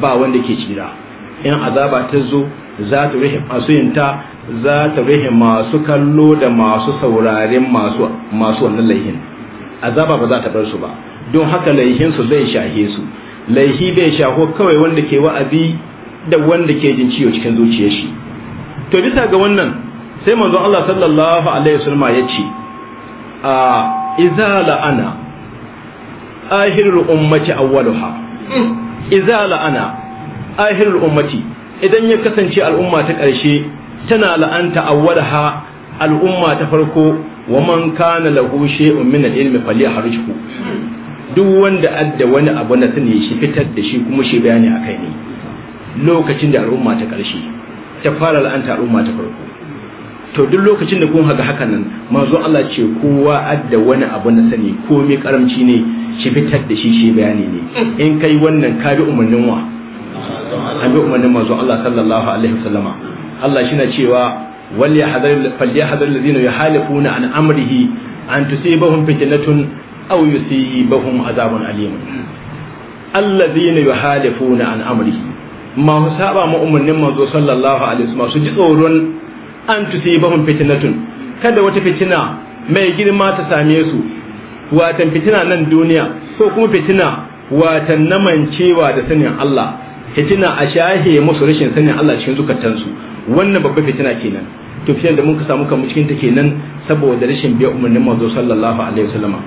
ba wanda ke tsira in azaba ta zo za ta rufe masu yinta za ta rufe masu kallo da masu sauraren masu wannan laihin azaba ba za ta bar su ba don haka laihin su zai shahe su laihi bai shaho kawai wanda ke wa'azi da wanda ke jin ciwo cikin zuciyar shi to bisa ga wannan sai manzon Allah sallallahu alaihi wasallam ya ce a iza la'ana ahirul ummati awwaluha iza la'ana ahirul ummati idan ya kasance al'umma ta ƙarshe tana la'anta awwalaha al'umma ta farko wa man kana lahu shay'un min al-ilmi falyahrijhu duk wanda adda wani abu na sani shi fitar da shi kuma shi bayani akai ne lokacin da al'umma ta ƙarshe ta fara la'anta al'umma ta farko to duk lokacin da kun haka hakan nan manzo Allah ce kowa adda wani abu na sani ko mai karamci ne shi fitar da shi shi bayani ne in kai wannan ka bi umarnin wa an bi umarnin manzo Allah sallallahu alaihi wasallama Allah shi na cewa wal hadar fal hadar alladhina yuhalifuna an amrihi an tusibahum fitnatun aw yusibahum azabun alim alladhina yuhalifuna an amrihi ma saba ma umarnin manzo sallallahu alaihi wasallam su ji tsoron an tusibahum fitnatun kada wata fitina mai girma ta same su watan fitina nan duniya ko kuma fitina watan namancewa da sanin Allah fitina a shahe musu rashin sanin Allah cikin zukatansu wannan babba fitina kenan to fitina da mun ka samu kanmu cikin ta kenan saboda rashin biya umarnin manzo sallallahu alaihi wasallama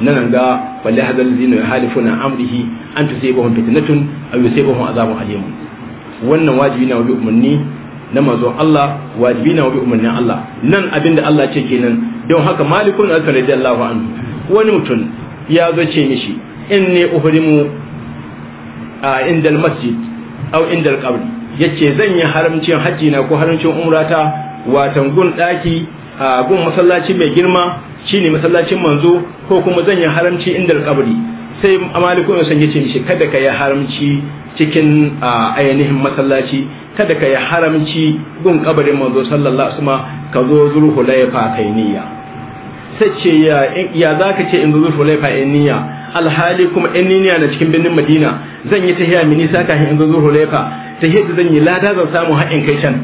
nan ga wali hadal ladina halifuna amrihi an tusibahum fitnatun aw yusibahum azabun alim wannan wajibi na wajibi umarni na manzon Allah wajibi na wabi umarnin Allah nan abin da Allah ce kenan don haka malikun radiyar Allah anhu wani mutum ya zo ce mishi ne uhrimu a indal masjid aw indal ya ce zan yi haramcin hajji na ko haramcin umrata watan gun daki a gun masallaci mai girma shine masallacin manzo ko kuma zan yi haramci indal qabri sai malikun ya ce mishi kada ka yi haramci cikin ainihin masallaci kada ka yi haramci gun kabarin manzo sallallahu alaihi wasallam ka zo zurhu laifa kai niyya sai ce ya zaka ce in zo zurhu laifa in niyya alhali kuma in niyya na cikin birnin Madina zan yi tahiya mini saka in zo zurhu laifa tahiyar zan yi lada zan samu haƙin kai can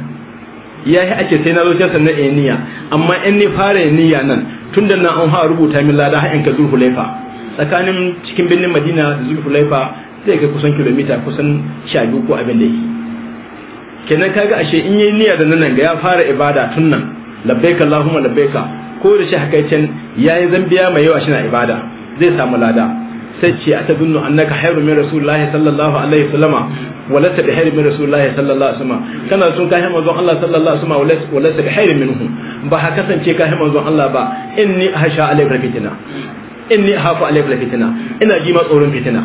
ya yi ake sai na zo can sannan in niyya amma in ni fara yin niyya nan tunda na an rubuta min lada haƙin kai zuru laifa tsakanin cikin birnin Madina da zuru laifa zai kai kusan kilomita kusan sha biyu ko abin da yake kenan kaga ashe in yi niyya da nan ga ya fara ibada tun nan labbaika allahumma labbaika ko da shi haka can yayi zambiya mai yawa shina ibada zai samu lada sai ce atadunnu annaka hayru min rasulillahi sallallahu alaihi wasallama wala tabi hayru min rasulillahi sallallahu alaihi wasallama kana sun kai manzon Allah sallallahu alaihi wasallama wala tabi hayru minhu ba haka kasance kai manzon Allah ba inni ahsha alaihi fitna inni hafu alaihi fitina ina ji ma tsoron fitina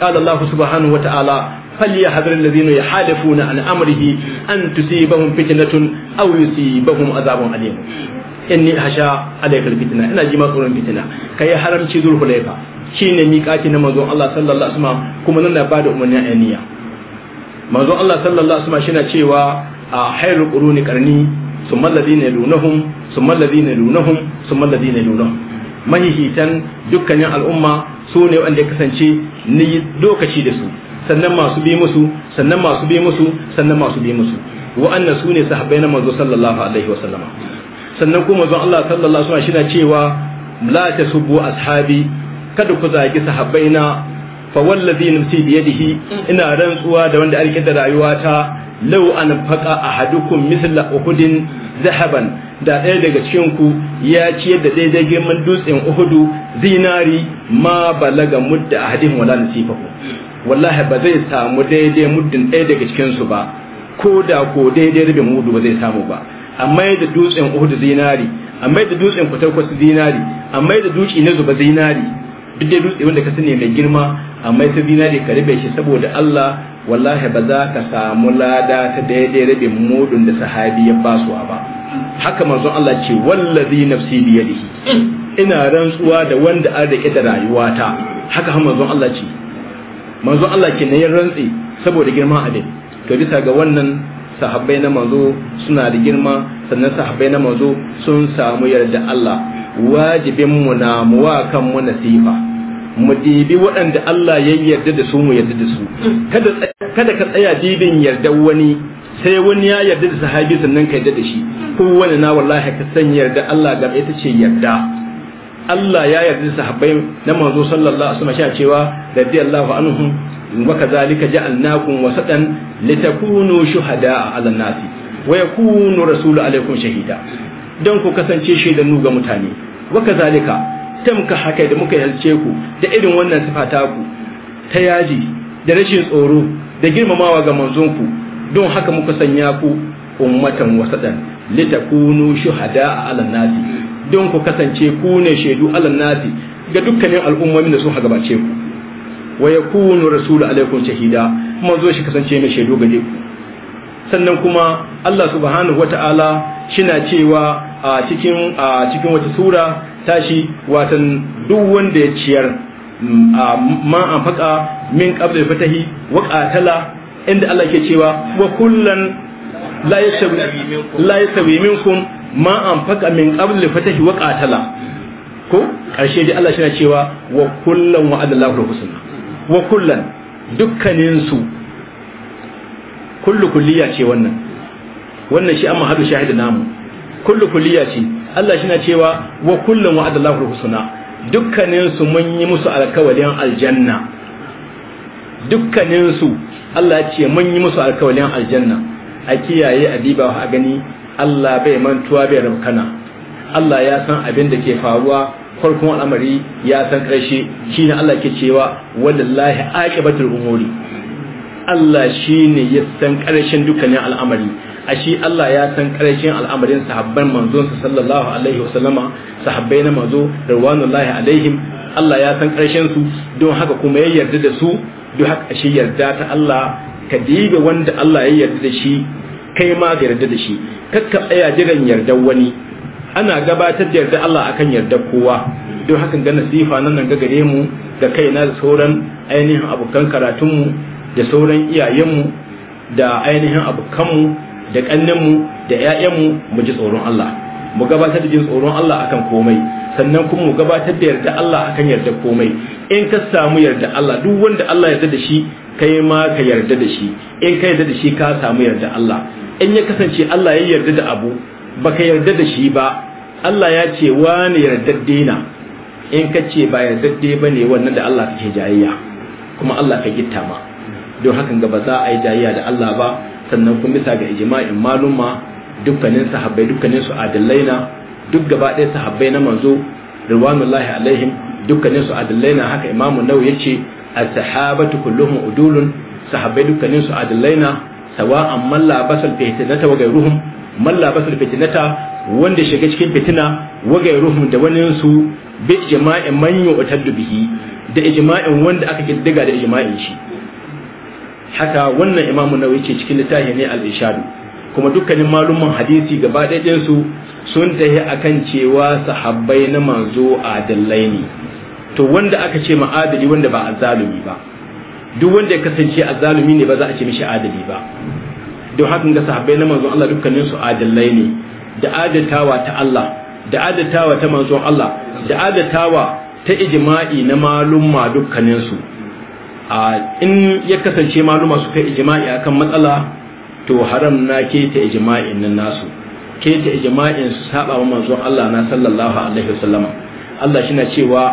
قال الله سبحانه وتعالى فليحذر الذين يحالفون عن أمره تصيبهم يصيبهم عذاب ina ji tsoron fitina kai haramci zul hulaifa shine miƙati na manzon Allah sallallahu alaihi wasallam kuma nan a niyya cewa a hayrul quruni qarni mahihitan dukkanin al'umma su ne wanda ya kasance ni lokaci da su sannan masu bi musu sannan masu bi musu sannan masu bi musu wa'annan su ne sahabbai na manzo sallallahu alaihi wa sallama sannan kuma manzo Allah sallallahu alaihi wa sallama cewa la tasubbu ashabi kada ku zagi sahabbai na fa wallazi nafsi bi yadihi ina rantsuwa da wanda alƙidda rayuwata law an faqa ahadukum mithla uhudin zahaban da ɗaya daga cikin ku ya ciyar da daidai girman dutsen uhudu zinari ma balaga mudda ahadin wala ku wallahi ba zai samu daidai muddin ɗaya daga cikin su ba ko da ko daidai rabin mudu ba zai samu ba amma da dutsen uhudu zinari amma da dutsen kwatakwas zinari amma da duci na zuba zinari duk dai dutse wanda ka sani mai girma amma sai zinari ka rabe shi saboda Allah wallahi ba za ka samu lada ta daidai rabe mudun da sahabi ya basuwa ba haka manzon Allah ce wallazi nafsi bi yadihi ina rantsuwa da wanda an rike da rayuwata haka manzon Allah ce manzon Allah ke ne ya rantsi saboda girman abin to bisa ga wannan sahabbai na manzo suna da girma sannan sahabbai na manzo sun samu yarda Allah wajibin mu na muwa kanmu kan mu nasifa mu dibi waɗanda Allah ya yarda da su mu yarda da su kada kada ka tsaya dibin yarda wani sai wani ya yarda da sahabi sannan ka yarda da shi ko wani na wallahi ka san yarda Allah gaba ita ce yarda Allah ya yarda da sahabbai na manzo sallallahu alaihi wasallam cewa radiyallahu anhum wa kadhalika ja'alnakum wasatan litakunu shuhada'a 'ala an-nasi wa yakunu rasulu alaikum shahida don ku kasance shi shaidannu ga mutane waka zalika tamka haka da muka yalce ku da irin wannan sifata ku ta yaji da rashin tsoro da girmamawa ga manzonku don haka muka sanya ku ummatan wasatan litakunu shuhada'a 'alan nasi don ku kasance ku ne shaidu 'alan nasi ga dukkanin al'ummomin da sun gabace ku wa yakunu rasulu alaikum shahida manzo shi kasance mai shaidu ga ku sannan kuma Allah subhanahu wata'ala shina cewa a cikin a cikin wata sura tashi watan duk wanda ya ciyar ma an faka min qabla fatahi wa qatala inda Allah ke cewa wa kullan la yasawi la yasawi minkum ma an faka min qabla fatahi wa qatala ko karshe dai Allah shina cewa wa kullan adallahu husna wa kullan dukkaninsu kullu kulliya ce wannan wannan shi amma hadu shahidu namu kullu kulliya ce Allah shi na cewa wa kullum wa'ada Allahu husna dukkanin su mun yi musu alkawalin aljanna dukkanin su Allah ya ce mun yi musu alkawalin aljanna a kiyaye a diba a gani Allah bai mantuwa bai rabkana Allah ya san abin da ke faruwa farkon al'amari ya san karshe shine Allah ke cewa wallahi aqibatul umuri Allah shi ne ya san ƙarshen dukkanin al'amari a shi Allah ya san ƙarshen al'amarin sahabban manzonsa sallallahu alaihi wasallama sahabbai na manzo rawanullahi alaihim Allah ya san ƙarshen su don haka kuma ya yarda da su don haka shi yarda ta Allah ka diga wanda Allah ya yarda da shi kai ma ka yarda da shi kakka tsaya jiran yardar wani ana gabatar da yarda Allah akan yarda kowa don haka ga nasifa nan nan ga gare mu da kaina da sauran ainihin abokan karatunmu da sauran iyayenmu da ainihin abokanmu da ƙanninmu da 'ya'yanmu mu ji tsoron Allah mu gabatar da jin tsoron Allah akan komai sannan kuma mu gabatar da yarda Allah akan yarda komai in ka samu yarda Allah duk wanda Allah yarda da shi kai ma ka yarda da shi in ka yarda da shi ka samu yarda Allah in ya kasance Allah ya yarda da abu baka yarda da shi ba Allah ya ce wani yarda na in ka ce ba yarda dai bane wannan da Allah kake jayayya kuma Allah ka gitta ma don hakan ga ba za a yi jayayya da Allah ba sannan kuma bisa ga ijma'in maluma dukkanin sahabbai dukkanin su adillai na duk gaba ɗaya sahabbai na manzo ridwanullahi alaihim dukkanin su adillai na haka imamu nau ce as-sahabatu kulluhum udulun sahabbai dukkanin su adillai na sawa'an man basal fitnata wa gairuhum man basal fitnata wanda shiga cikin fitina wagai ruhun da wani su bi ijma'in man yu'taddu bihi da ijma'in wanda aka kiddiga da ijma'in shi haka wannan imamu nawawi ce cikin littafi ne al-ishadu kuma dukkanin malumman hadisi gaba ɗayan su sun tahi akan cewa sahabbai na manzo adallai ne to wanda aka ce ma adali wanda ba azalumi ba duk wanda ya kasance azzalumi ne ba za a ce mishi adali ba don hakan ga sahabbai na manzo Allah dukkanin su adalai ne da adatawa ta Allah da adatawa ta manzo Allah da adatawa ta ijma'i na malumma dukkanin su a in ya kasance maluma suka ijma'i akan matsala to haram na ke keta ijma'in nan nasu keta ijma'in su saba wa manzon Allah na sallallahu alaihi wasallama Allah shi na cewa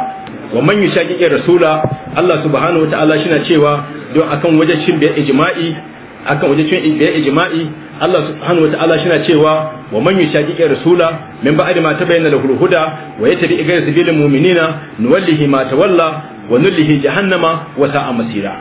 wa man yushaqiqi rasula Allah subhanahu wataala shi na cewa don akan wajacin da ijma'i akan wajacin da ijma'i Allah subhanahu wataala shi na cewa wa man yushaqiqi rasula min ba'di ma tabayyana lahu al-huda wa yattabi ghayra sabilil mu'minina nuwallihi ma tawalla wa nullihi jahannama wa sa'a masira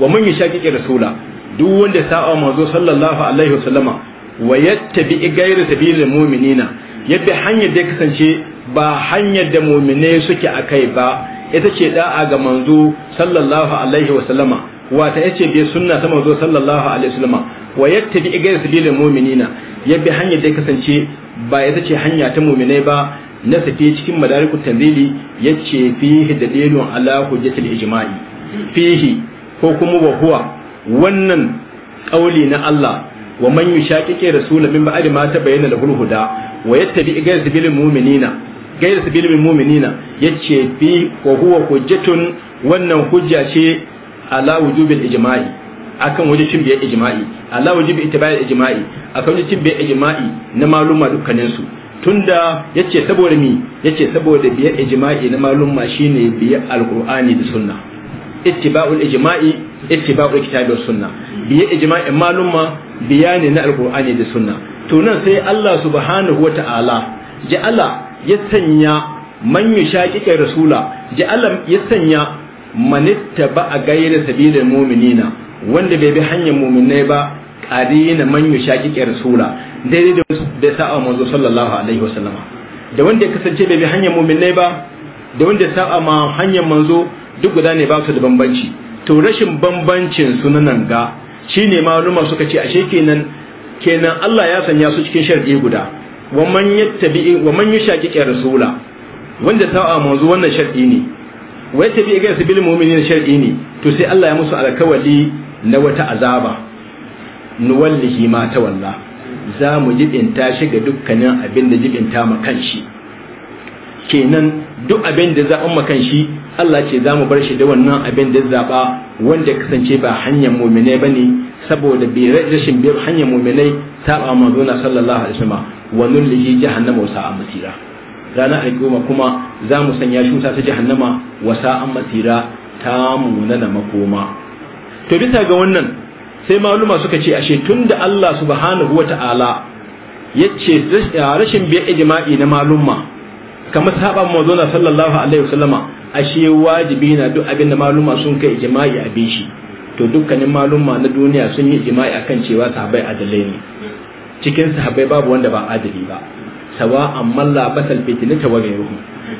wa man yashaqiqi rasula duk wanda sa'a manzo sallallahu alaihi wa sallama wa yattabi ghayra sabilil mu'minina yabi hanyar da kasance ba hanyar da mu'mine suke akai ba ita ce da'a ga manzo sallallahu alaihi wa wasallama wata yace bi sunna ta manzo sallallahu alaihi wa sallama wa yattabi ghayra sabilil mu'minina yabi hanyar da kasance ba ita ce hanya ta mu'mine ba na sake cikin madarikut tanzili yace fihi dalilun ala hujjatil ijma'i fihi ko kuma wa huwa wannan kauli na Allah wa man yushaqiqi rasul min ba'di ma ta bayyana da huda wa yattabi ghayra sabilil mu'minina ghayra sabilil mu'minina yace fi wa huwa hujjatun wannan hujja ce ala wujubil ijma'i akan wajibin biyar ijma'i ala wajibi ittiba'i ijma'i akan wajibin biyar ijma'i na maluma dukkaninsu. tunda yace saboda mi yace saboda biyar ijma'i na malumma shine biyar alqur'ani da sunna ittiba'ul ijma'i ittiba'ul kitabi was sunna biyar ijma'i malumma biyani na alqur'ani da sunna to nan sai Allah subhanahu wata'ala Allah ya sanya man kai rasula Allah ya sanya manittaba a gaira sabilil mu'minina wanda bai bi hanyar mu'minai ba qadina man kai rasula daidai da sa'a manzo sallallahu alaihi wa sallama da wanda ya kasance bai bi hanyar mu'minai ba da wanda ya sa'a ma hanyar manzo duk guda ne ba su da bambanci to rashin bambancin sunanan ga shine maluma suka ce ashe kenan kenan Allah ya sanya su cikin shar'i guda wa man yattabi wa man yushaqiqi rasula wanda sa'a manzo wannan shar'i ne wa yattabi ga su bil mu'minin shar'i ne to sai Allah ya musu alkawali na wata azaba nuwallihi ma tawalla za mu jibinta shi ga dukkanin abin da jibinta ma shi. kenan duk abin da za ma shi, Allah ce za mu bar shi da wannan abin da zaba wanda kasance ba hanyar mumine ba ne saboda bai rashin biyar hanyar muminai saba manzona sallallahu alaihi wasallam wa nullihi jahannama wa sa'a masira ranar alƙiyoma kuma za mu sanya shi ta jahannama wa sa'a masira ta munana makoma to bisa ga wannan sai maluma suka ce ashe tun da Allah subhanahu wata'ala yace rashin biya ijma'i na maluma kamar sahaban manzona sallallahu alaihi wasallama ashe wajibi na duk abin da maluma sun kai ijma'i a bishi. shi to dukkanin maluma na duniya sun yi ijma'i akan cewa sahabbai adalai ne cikin sahabbai babu wanda ba adali ba sawa amma la basal fitnata wa ghayruhu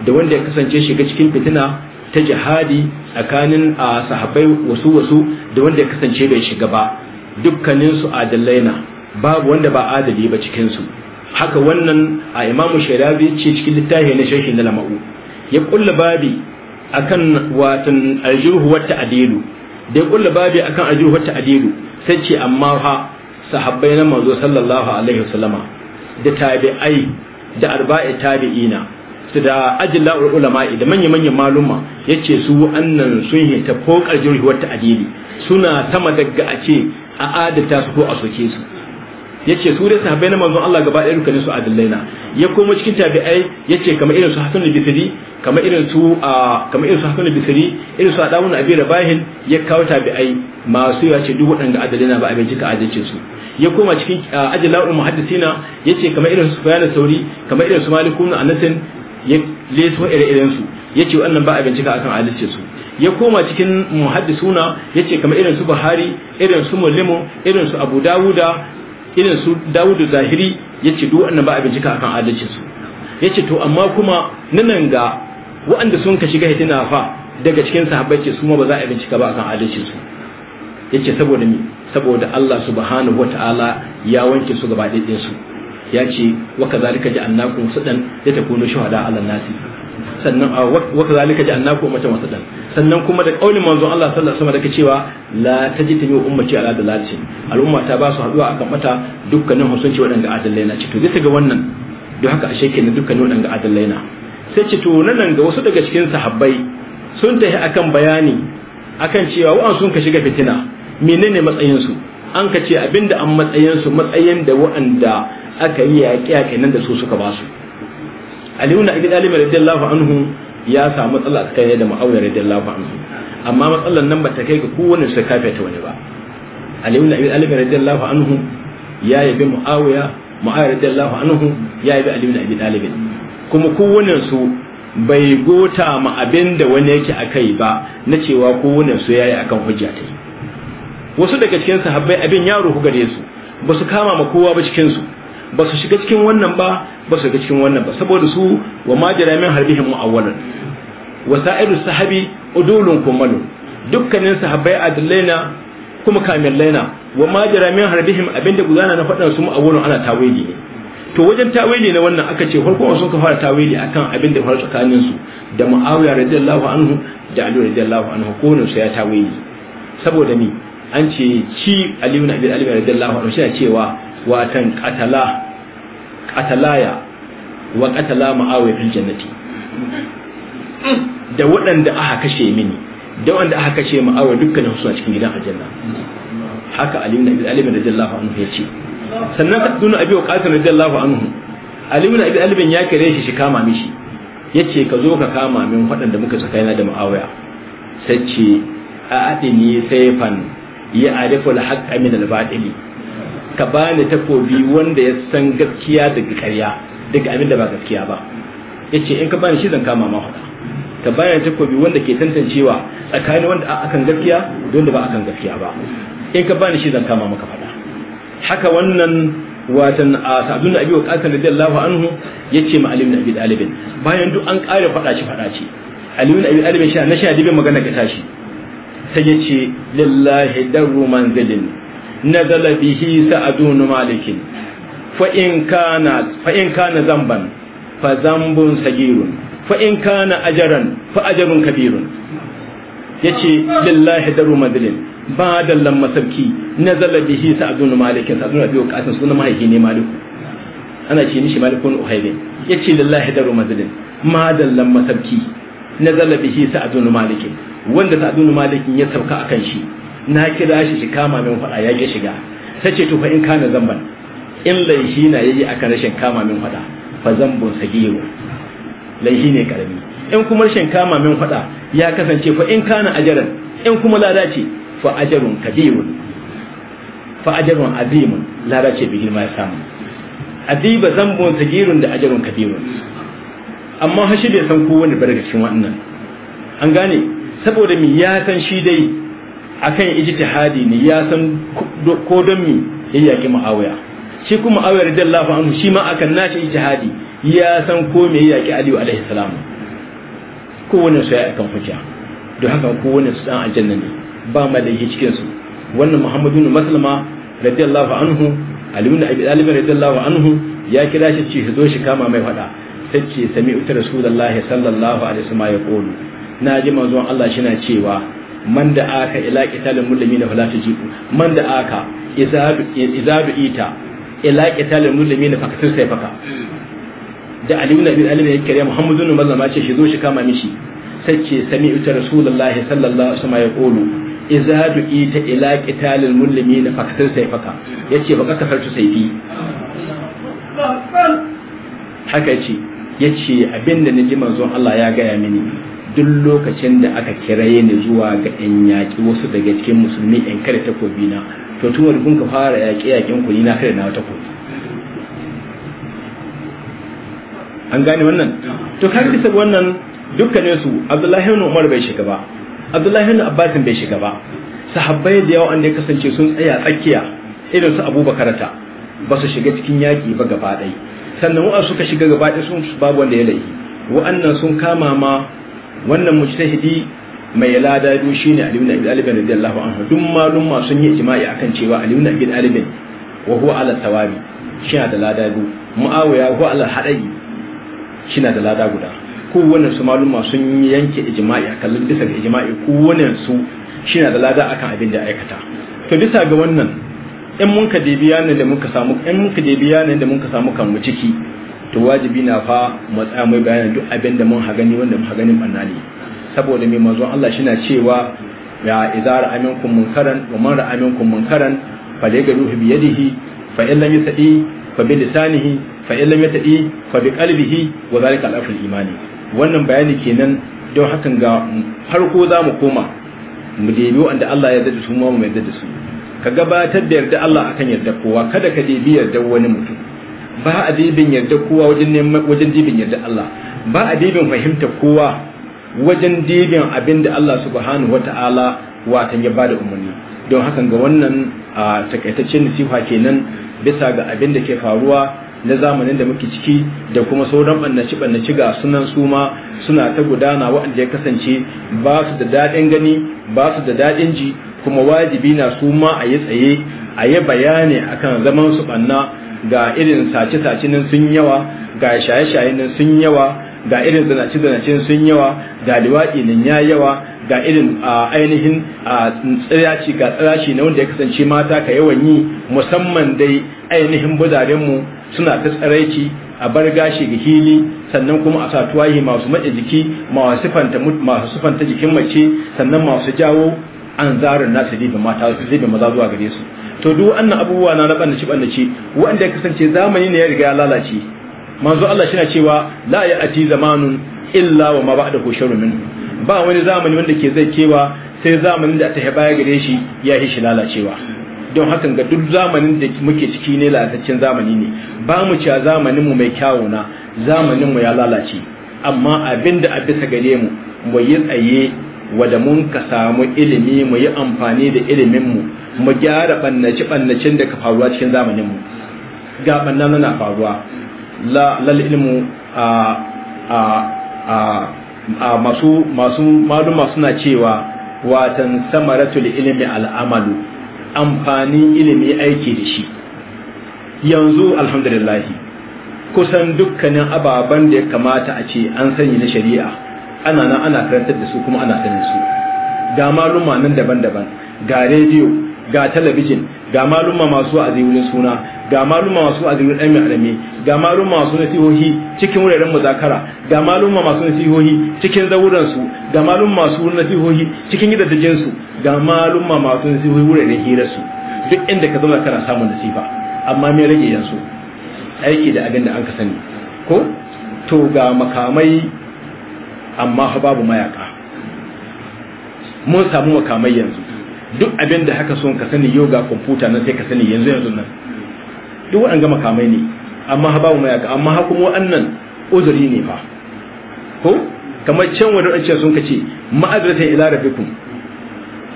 da wanda ya kasance shiga cikin fitina ta jihadi tsakanin a sahabbai wasu wasu da wanda ya kasance bai shiga ba dukkanin su adalai na babu wanda ba adali ba cikinsu. haka wannan a imamu shairabi ce cikin littafi na sharhi na lama'u ya kulla babi akan watan aljuhu wata adilu da ya kulla babi akan aljuhu wata adilu sai ce amma ha sahabbai na manzo sallallahu alaihi wasallama da tabi'ai da arba'i tabi'ina su da ajilla ulama da manya manyan maluma yace su annan sun ta ko karjin wata adili suna sama madagga a ce a adata su ko a soke su yace su dai sahabbai na manzon Allah gaba ɗaya dukkanin su adalai na ya koma cikin tabi'ai yace kamar irin su Hasan da Bisiri kamar irin su kamar irin su Hasan da bisri irin su Adawun Abi Rabahil ya kawo tabi'ai masu ya ce duk waɗanda adalai na ba abin jika adalcin su ya koma cikin ajala'ul muhaddisina yace kamar irin su Bayan Sauri kamar irin su Malikun Anasin ya leso irin su ya ce wannan ba a bincika akan adalci su ya koma cikin muhaddisuna ce kamar irin su Buhari irin su mulimu irin su Abu Dawuda irin su Dawudu Zahiri ce duk wannan ba a bincika akan adalcin su ce to amma kuma nan ga waɗanda sun ka shiga hitina fa daga cikin sahabbai ce su ma ba za a bincika ba akan adalcin su ce saboda me saboda Allah subhanahu wataala ya wanke su gaba ɗaya su ya ce wa kazalika ja'alnakum sudan litakunu shuhada 'ala nasi sannan wa kazalika ja'alnakum ummatan wasatan sannan kuma da kaulin manzon Allah sallallahu alaihi wasallam da cewa la bi ummati ala dalati al'umma ta ba su haduwa kan mata dukkanin husunci wadanda adalai na ce to bisa ga wannan don haka ashe kenan dukkanin wadanda adalai na sai ce to nan ga wasu daga cikin sahabbai sun tafi akan bayani akan cewa wa'an sun ka shiga fitina menene matsayin su an ka ce abinda an matsayin su matsayin da wa'anda aka yi yaƙi yaƙi nan da su suka ba su aliyu na abi dalib radiyallahu anhu ya samu matsala kai da muawiya radiyallahu anhu amma matsalar nan ba ta kai ga kowanne su kafe ta wani ba aliyu na abi dalib radiyallahu anhu ya yabi muawiya muawiya radiyallahu anhu ya yabi aliyu na abi dalib kuma kowanne su bai gota ma abin da wani yake akai ba na cewa kowanne su yayi akan hujja ta wasu daga cikin sahabbai abin ya ruhu gare su ba su kama ma kowa ba cikin su ba su shiga cikin wannan ba ba su shiga cikin wannan ba saboda su wa ma jaramin harbihim mu'awwalan wa sa'idu sahabi udulun kumalu dukkanin sahabbai adillaina kuma kamillaina wa ma jaramin harbihim abinda gudana na fadan su mu'awwalan ana tawili ne to wajen tawili na wannan aka ce farko sun ka fara tawili akan abinda da faru tsakanin su da mu'awiya radiyallahu anhu da ali radiyallahu anhu ko su ya tawili saboda ni an ce ci ali ibn abi talib radiyallahu anhu shi cewa watan qatala qatalaya wa qatala ma'awai fil jannati da waɗanda aka kashe mini da waɗanda aka kashe ma'awai dukkanin su a cikin gidan aljanna haka ali ibn abi talib radiyallahu anhu ya ce sannan abdun abi waqas radiyallahu anhu ali ibn abi talib ya kare shi shi kama mishi yace ka zo ka kama min waɗanda muka saka yana da ma'awiya sai ce a adini sayfan ya arifu al-haqqa min al-batili ka bani takobi wanda ya san gaskiya daga ƙarya daga abin da ba gaskiya ba Ya ce in ka bani shi zan kama ma faɗa ka bani takobi wanda ke tantancewa tsakanin wanda akan gaskiya da wanda ba akan gaskiya ba in ka bani shi zan kama maka faɗa haka wannan watan a sa'adun abi wa qasim radiyallahu anhu yace ma ali ibn dalibin bayan duk an ƙare faɗa shi faɗa ce ali ibn dalibin sha na sha dibin magana ka tashi sai yace lillahi darru manzilin nazala bihi sa'adun malikin fa in kana fa in fa zambun sagirun fa in kana ajaran fa ajarun kabirun yace lillahi daru madlin ba dallan masarki nazala bihi sa'adun malikin sa'adun abi waqasin sunan mahaifi ne maliku ana ce mishi malikun uhairin yace lillahi daru madlin ma dallan masarki nazala bihi sa'adun malikin wanda sa'adun malikin ya sauka a kan shi na kira shi shi kama min fada ya ke shiga ta ce to fa in kana zamban in laihi na yayi akan rashin kama min fada fa zambun sagiru laihi ne karami in kuma rashin kama min fada ya kasance fa in kana ajaran in kuma lada fa ajarun Kabiru. fa ajarun azimun lada bi girma ya samu adiba zambun sagirun da ajarun Kabiru. amma hashi bai san ko wani bar cikin wannan an gane saboda mi ya san shi dai akan ijtihadi ne ya san ko don me ya yaki muawiya shi kuma muawiya radiyallahu anhu shi ma akan nashi ijtihadi ya san ko me ya yaki aliyu alaihi salam kowane su ya kan hujja don haka kowane su dan aljanna ne ba malaiyi cikin su wannan muhammadu bin maslama radiyallahu anhu ali ibn abi talib radiyallahu anhu ya kira shi ce zo shi kama mai fada sace utar rasulullahi sallallahu alaihi wasallam ya qulu na ji manzon Allah shi na cewa man da aka ila qitalil da fala tajibu man da aka idza ita ila mulmin da fakatir sai faka da Ali ibn Abi Talib ya kare muhammadun ibn Mazlama ce shi zo shi kama mishi sace sami'tu rasulullahi sallallahu alaihi wasallam ya qulu idza ita ila mulmin muslimina fakatir sai faka yace baka kafartu sai fi haka yace yace abinda naji manzon Allah ya gaya mini duk lokacin da aka kiraye ni zuwa ga yan yaƙi wasu daga cikin musulmi yan kare takobi na to tun wani kunka fara yaƙe yaƙen ku ni na kare na wata kobi an gane wannan to kan kisa wannan dukkanin su Abdullahi ibn Umar bai shiga ba Abdullahi ibn Abbas bai shiga ba sahabbai da yawa an da kasance sun tsaya tsakiya irin su Abubakar ta ba su shiga cikin yaƙi ba gaba ɗaya sannan wa'a suka shiga gaba ɗaya sun babu wanda ya laifi wa'annan sun kama ma wannan mujtahidi mai lada biyu shine Ali ibn Abi Talib radiyallahu anhu duk malum sun yi ijma'i akan cewa Ali ibn Abi Talib wa huwa ala tawabi shi da lada biyu Muawiya huwa ala hadayi shi da lada guda ko wannan su malum sun yanke ijma'i akan bisa ga ijma'i ko wannan su shi da lada akan abin da aikata to bisa ga wannan in mun ka yanin da muka samu in mun ka yanin da muka samu kan mu ciki to wajibi na fa matsa mai bayanin duk abin da mun hagani wanda mun hagani banna ne saboda mai manzon Allah shi na cewa ya idza ra'a munkaran wa man munkaran fa munkaran falyagruhu bi yadihi fa in lam fa bi lisanihi fa in lam fa bi qalbihi wa zalika al imani wannan bayani kenan don hakan ga farko za mu koma mu debi wanda Allah ya yarda su mu mai yarda da su ka gabatar da yarda Allah akan yarda kowa kada ka debi yarda wani mutum ba a dibin yarda kowa wajen neman wajen dibin yarda Allah ba a dibin fahimta kowa wajen dibin abin da Allah subhanahu wata'ala watan ya bada umarni don hakan ga wannan a takaitaccen nasiha kenan bisa ga abin da ke faruwa na zamanin da muke ciki da kuma sauran bannaci bannaci ga sunan suma suna ta gudana waɗanda ya kasance ba su da daɗin gani ba su da daɗin ji kuma wajibi na suma a yi tsaye a yi bayani akan zaman su banna ga irin sace-sace nan sun yawa ga shaye-shaye nan sun yawa ga irin zanace-zanace sun yawa ga liwaɗi nan ya yawa ga irin ainihin tsiraci ga na wanda ya kasance mata ka yawan yi musamman dai ainihin buzarenmu suna ta tsiraici a bar gashi ga hili sannan kuma a satuwa yi masu matse jiki masu sufanta jikin mace sannan masu jawo an zarar nasu ribe mata su maza zuwa gare su to duk wannan abubuwa na bannace ci, wanda ya kasance zamani ne ya riga ya lalace manzo Allah shi na cewa la ya ati zamanun illa wa ma ba'da sharrun minhu ba wani zamani wanda ke zai kewa sai zamanin da ta baya gare shi ya yi shi lalacewa don hakan ga duk zamanin da muke ciki ne lalataccen zamani ne ba mu cewa zamanin mu mai kyawu na zamanin mu ya lalace amma abin da a bisa gare mu mu yi tsaye wada mun ka samu ilimi mu yi amfani da iliminmu mu gyara bannace-bannacen da ka faruwa cikin zamaninmu ga bannan na faruwa lal ilimu a masu masu maluma suna cewa watan samaratul ilimi al'amalu amfanin ilimi aiki da shi yanzu alhamdulillahi kusan dukkanin ababen da ya kamata a ce an sanya na shari'a ana nan ana karantar da su kuma ana sanin su ga maluma nan daban-daban ga rediyo ga talabijin ga maluma masu a suna ga maluma masu a ɗan mai ga maluma masu nasihohi cikin wuraren muzakara ga maluma masu nasihohi cikin zawuransu ga maluma masu nasihohi cikin gidajensu ga maluma masu nasihohi wuraren hirarsu duk inda ka zauna kana samun nasifa amma me rage yansu aiki da abin da an ka sani ko to ga makamai amma fa babu mayaka mun samu makamai yanzu duk abin da haka son ka sani yoga computer kwamfuta na sai ka sani yanzu yanzu nan duk waɗanga makamai ne amma babu mayaka amma ha kuma waɗannan uzuri ne fa ko kamar can wani ɗan sun ka ce ma'adratan ila rabbikum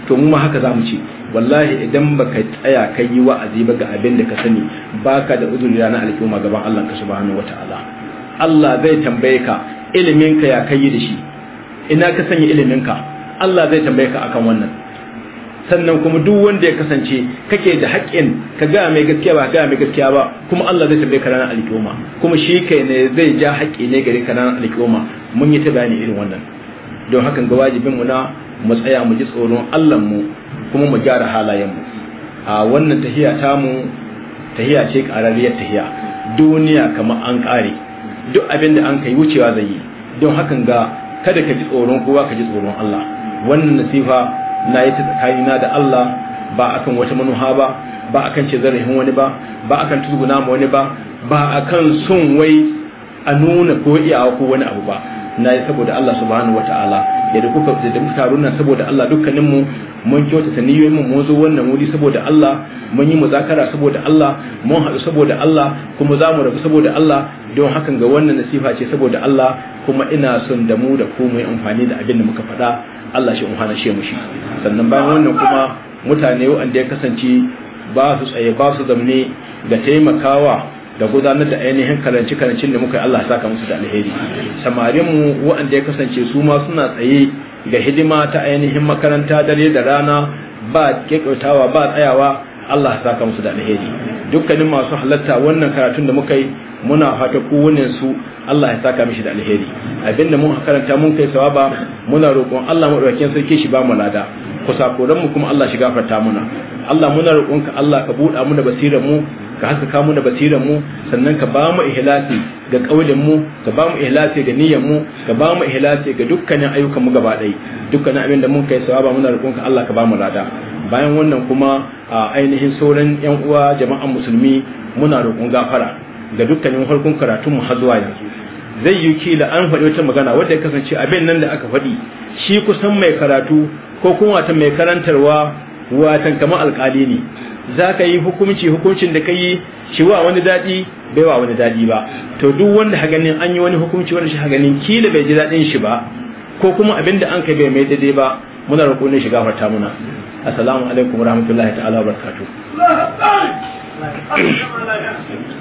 to mu ma haka za mu ce wallahi idan baka tsaya kai yi wa'azi ba ga abin da ka sani baka da uzuri ranar al'umma gaban Allah ka subhanahu wata'ala Allah zai tambaye ka iliminka ya kai da shi ina ka sanya iliminka Allah zai tambaye ka akan wannan sannan kuma duk wanda ya kasance kake da haƙƙin ka ga mai gaskiya ba ga mai gaskiya ba kuma Allah zai tambaye ka ranar alƙiyama kuma shi kai ne zai ja haƙƙi ne gare ka ranar alƙiyama mun yi ta bayani irin wannan don hakan ga wajibin mu na mu tsaya mu ji tsoron Allah mu kuma mu gyara halayen mu a wannan tahiya ta mu tahiya ce ƙararriyar tahiya duniya kamar an ƙare duk abin da an kai wucewa zai yi don hakan ga kada ka ji tsoron kowa ka ji tsoron Allah wannan nasifa na yi ta tsakanina da Allah ba akan wata manuha ba ba akan ce zarafin wani ba ba akan tuzguna ma wani ba ba akan son wai a nuna ko iyawa ko wani abu ba na yi saboda Allah subhanahu wataala yadda kuka da muka taru saboda Allah dukkanin mu mun kyautata niyoyin mu mun zo wannan wuri saboda Allah mun yi muzakara saboda Allah mun haɗu saboda Allah kuma za mu rabu saboda Allah don hakan ga wannan nasifa ce saboda Allah kuma ina son da mu da ku mu yi amfani da abin da muka faɗa Allah shi umhana shi mu shi sannan bayan wannan kuma mutane wanda ya kasance ba su tsaye ba su zamne ga taimakawa da gudanar da ainihin karanci karancin da muka yi Allah saka musu da alheri samarin mu waɗanda ya kasance su ma suna tsaye ga hidima ta ainihin makaranta dare da rana ba kekautawa ba tsayawa Allah saka musu da alheri dukkanin masu halatta wannan karatun da muka yi muna fata kowane su Allah ya saka mishi da alheri abinda mun karanta mun kai sawaba muna roƙon Allah madaukakin sarki shi ba mu lada sakoran mu kuma Allah shi gafarta muna Allah muna roƙon ka Allah ka buɗa mu da basirar mu ka haskaka mu da basirar mu sannan ka ba mu ihlasi ga kaulin mu ka ba mu ihlasi ga niyyar mu ka ba mu ihlasi ga dukkanin ayyukan mu gaba ɗaya dukkanin abinda mun kai sawaba muna roƙon ka Allah ka ba mu lada bayan wannan kuma a ainihin sauran yan uwa jama'an musulmi muna roƙon gafara ga dukkanin farkon karatun mu har zuwa yanzu zai yi kila an faɗi wata magana wadda ya kasance abin nan da aka faɗi shi kusan mai karatu ko kuma wata mai karantarwa watan kamar alƙali ne za ka yi hukunci hukuncin da ka yi shi wa wani daɗi bai wa wani daɗi ba to duk wanda haganin an yi wani hukunci wanda shi haganin kila bai ji daɗin shi ba ko kuma abin da an kai bai mai daidai ba muna roƙo ne shi gafarta muna assalamu alaikum warahmatullahi ta'ala wabarakatuh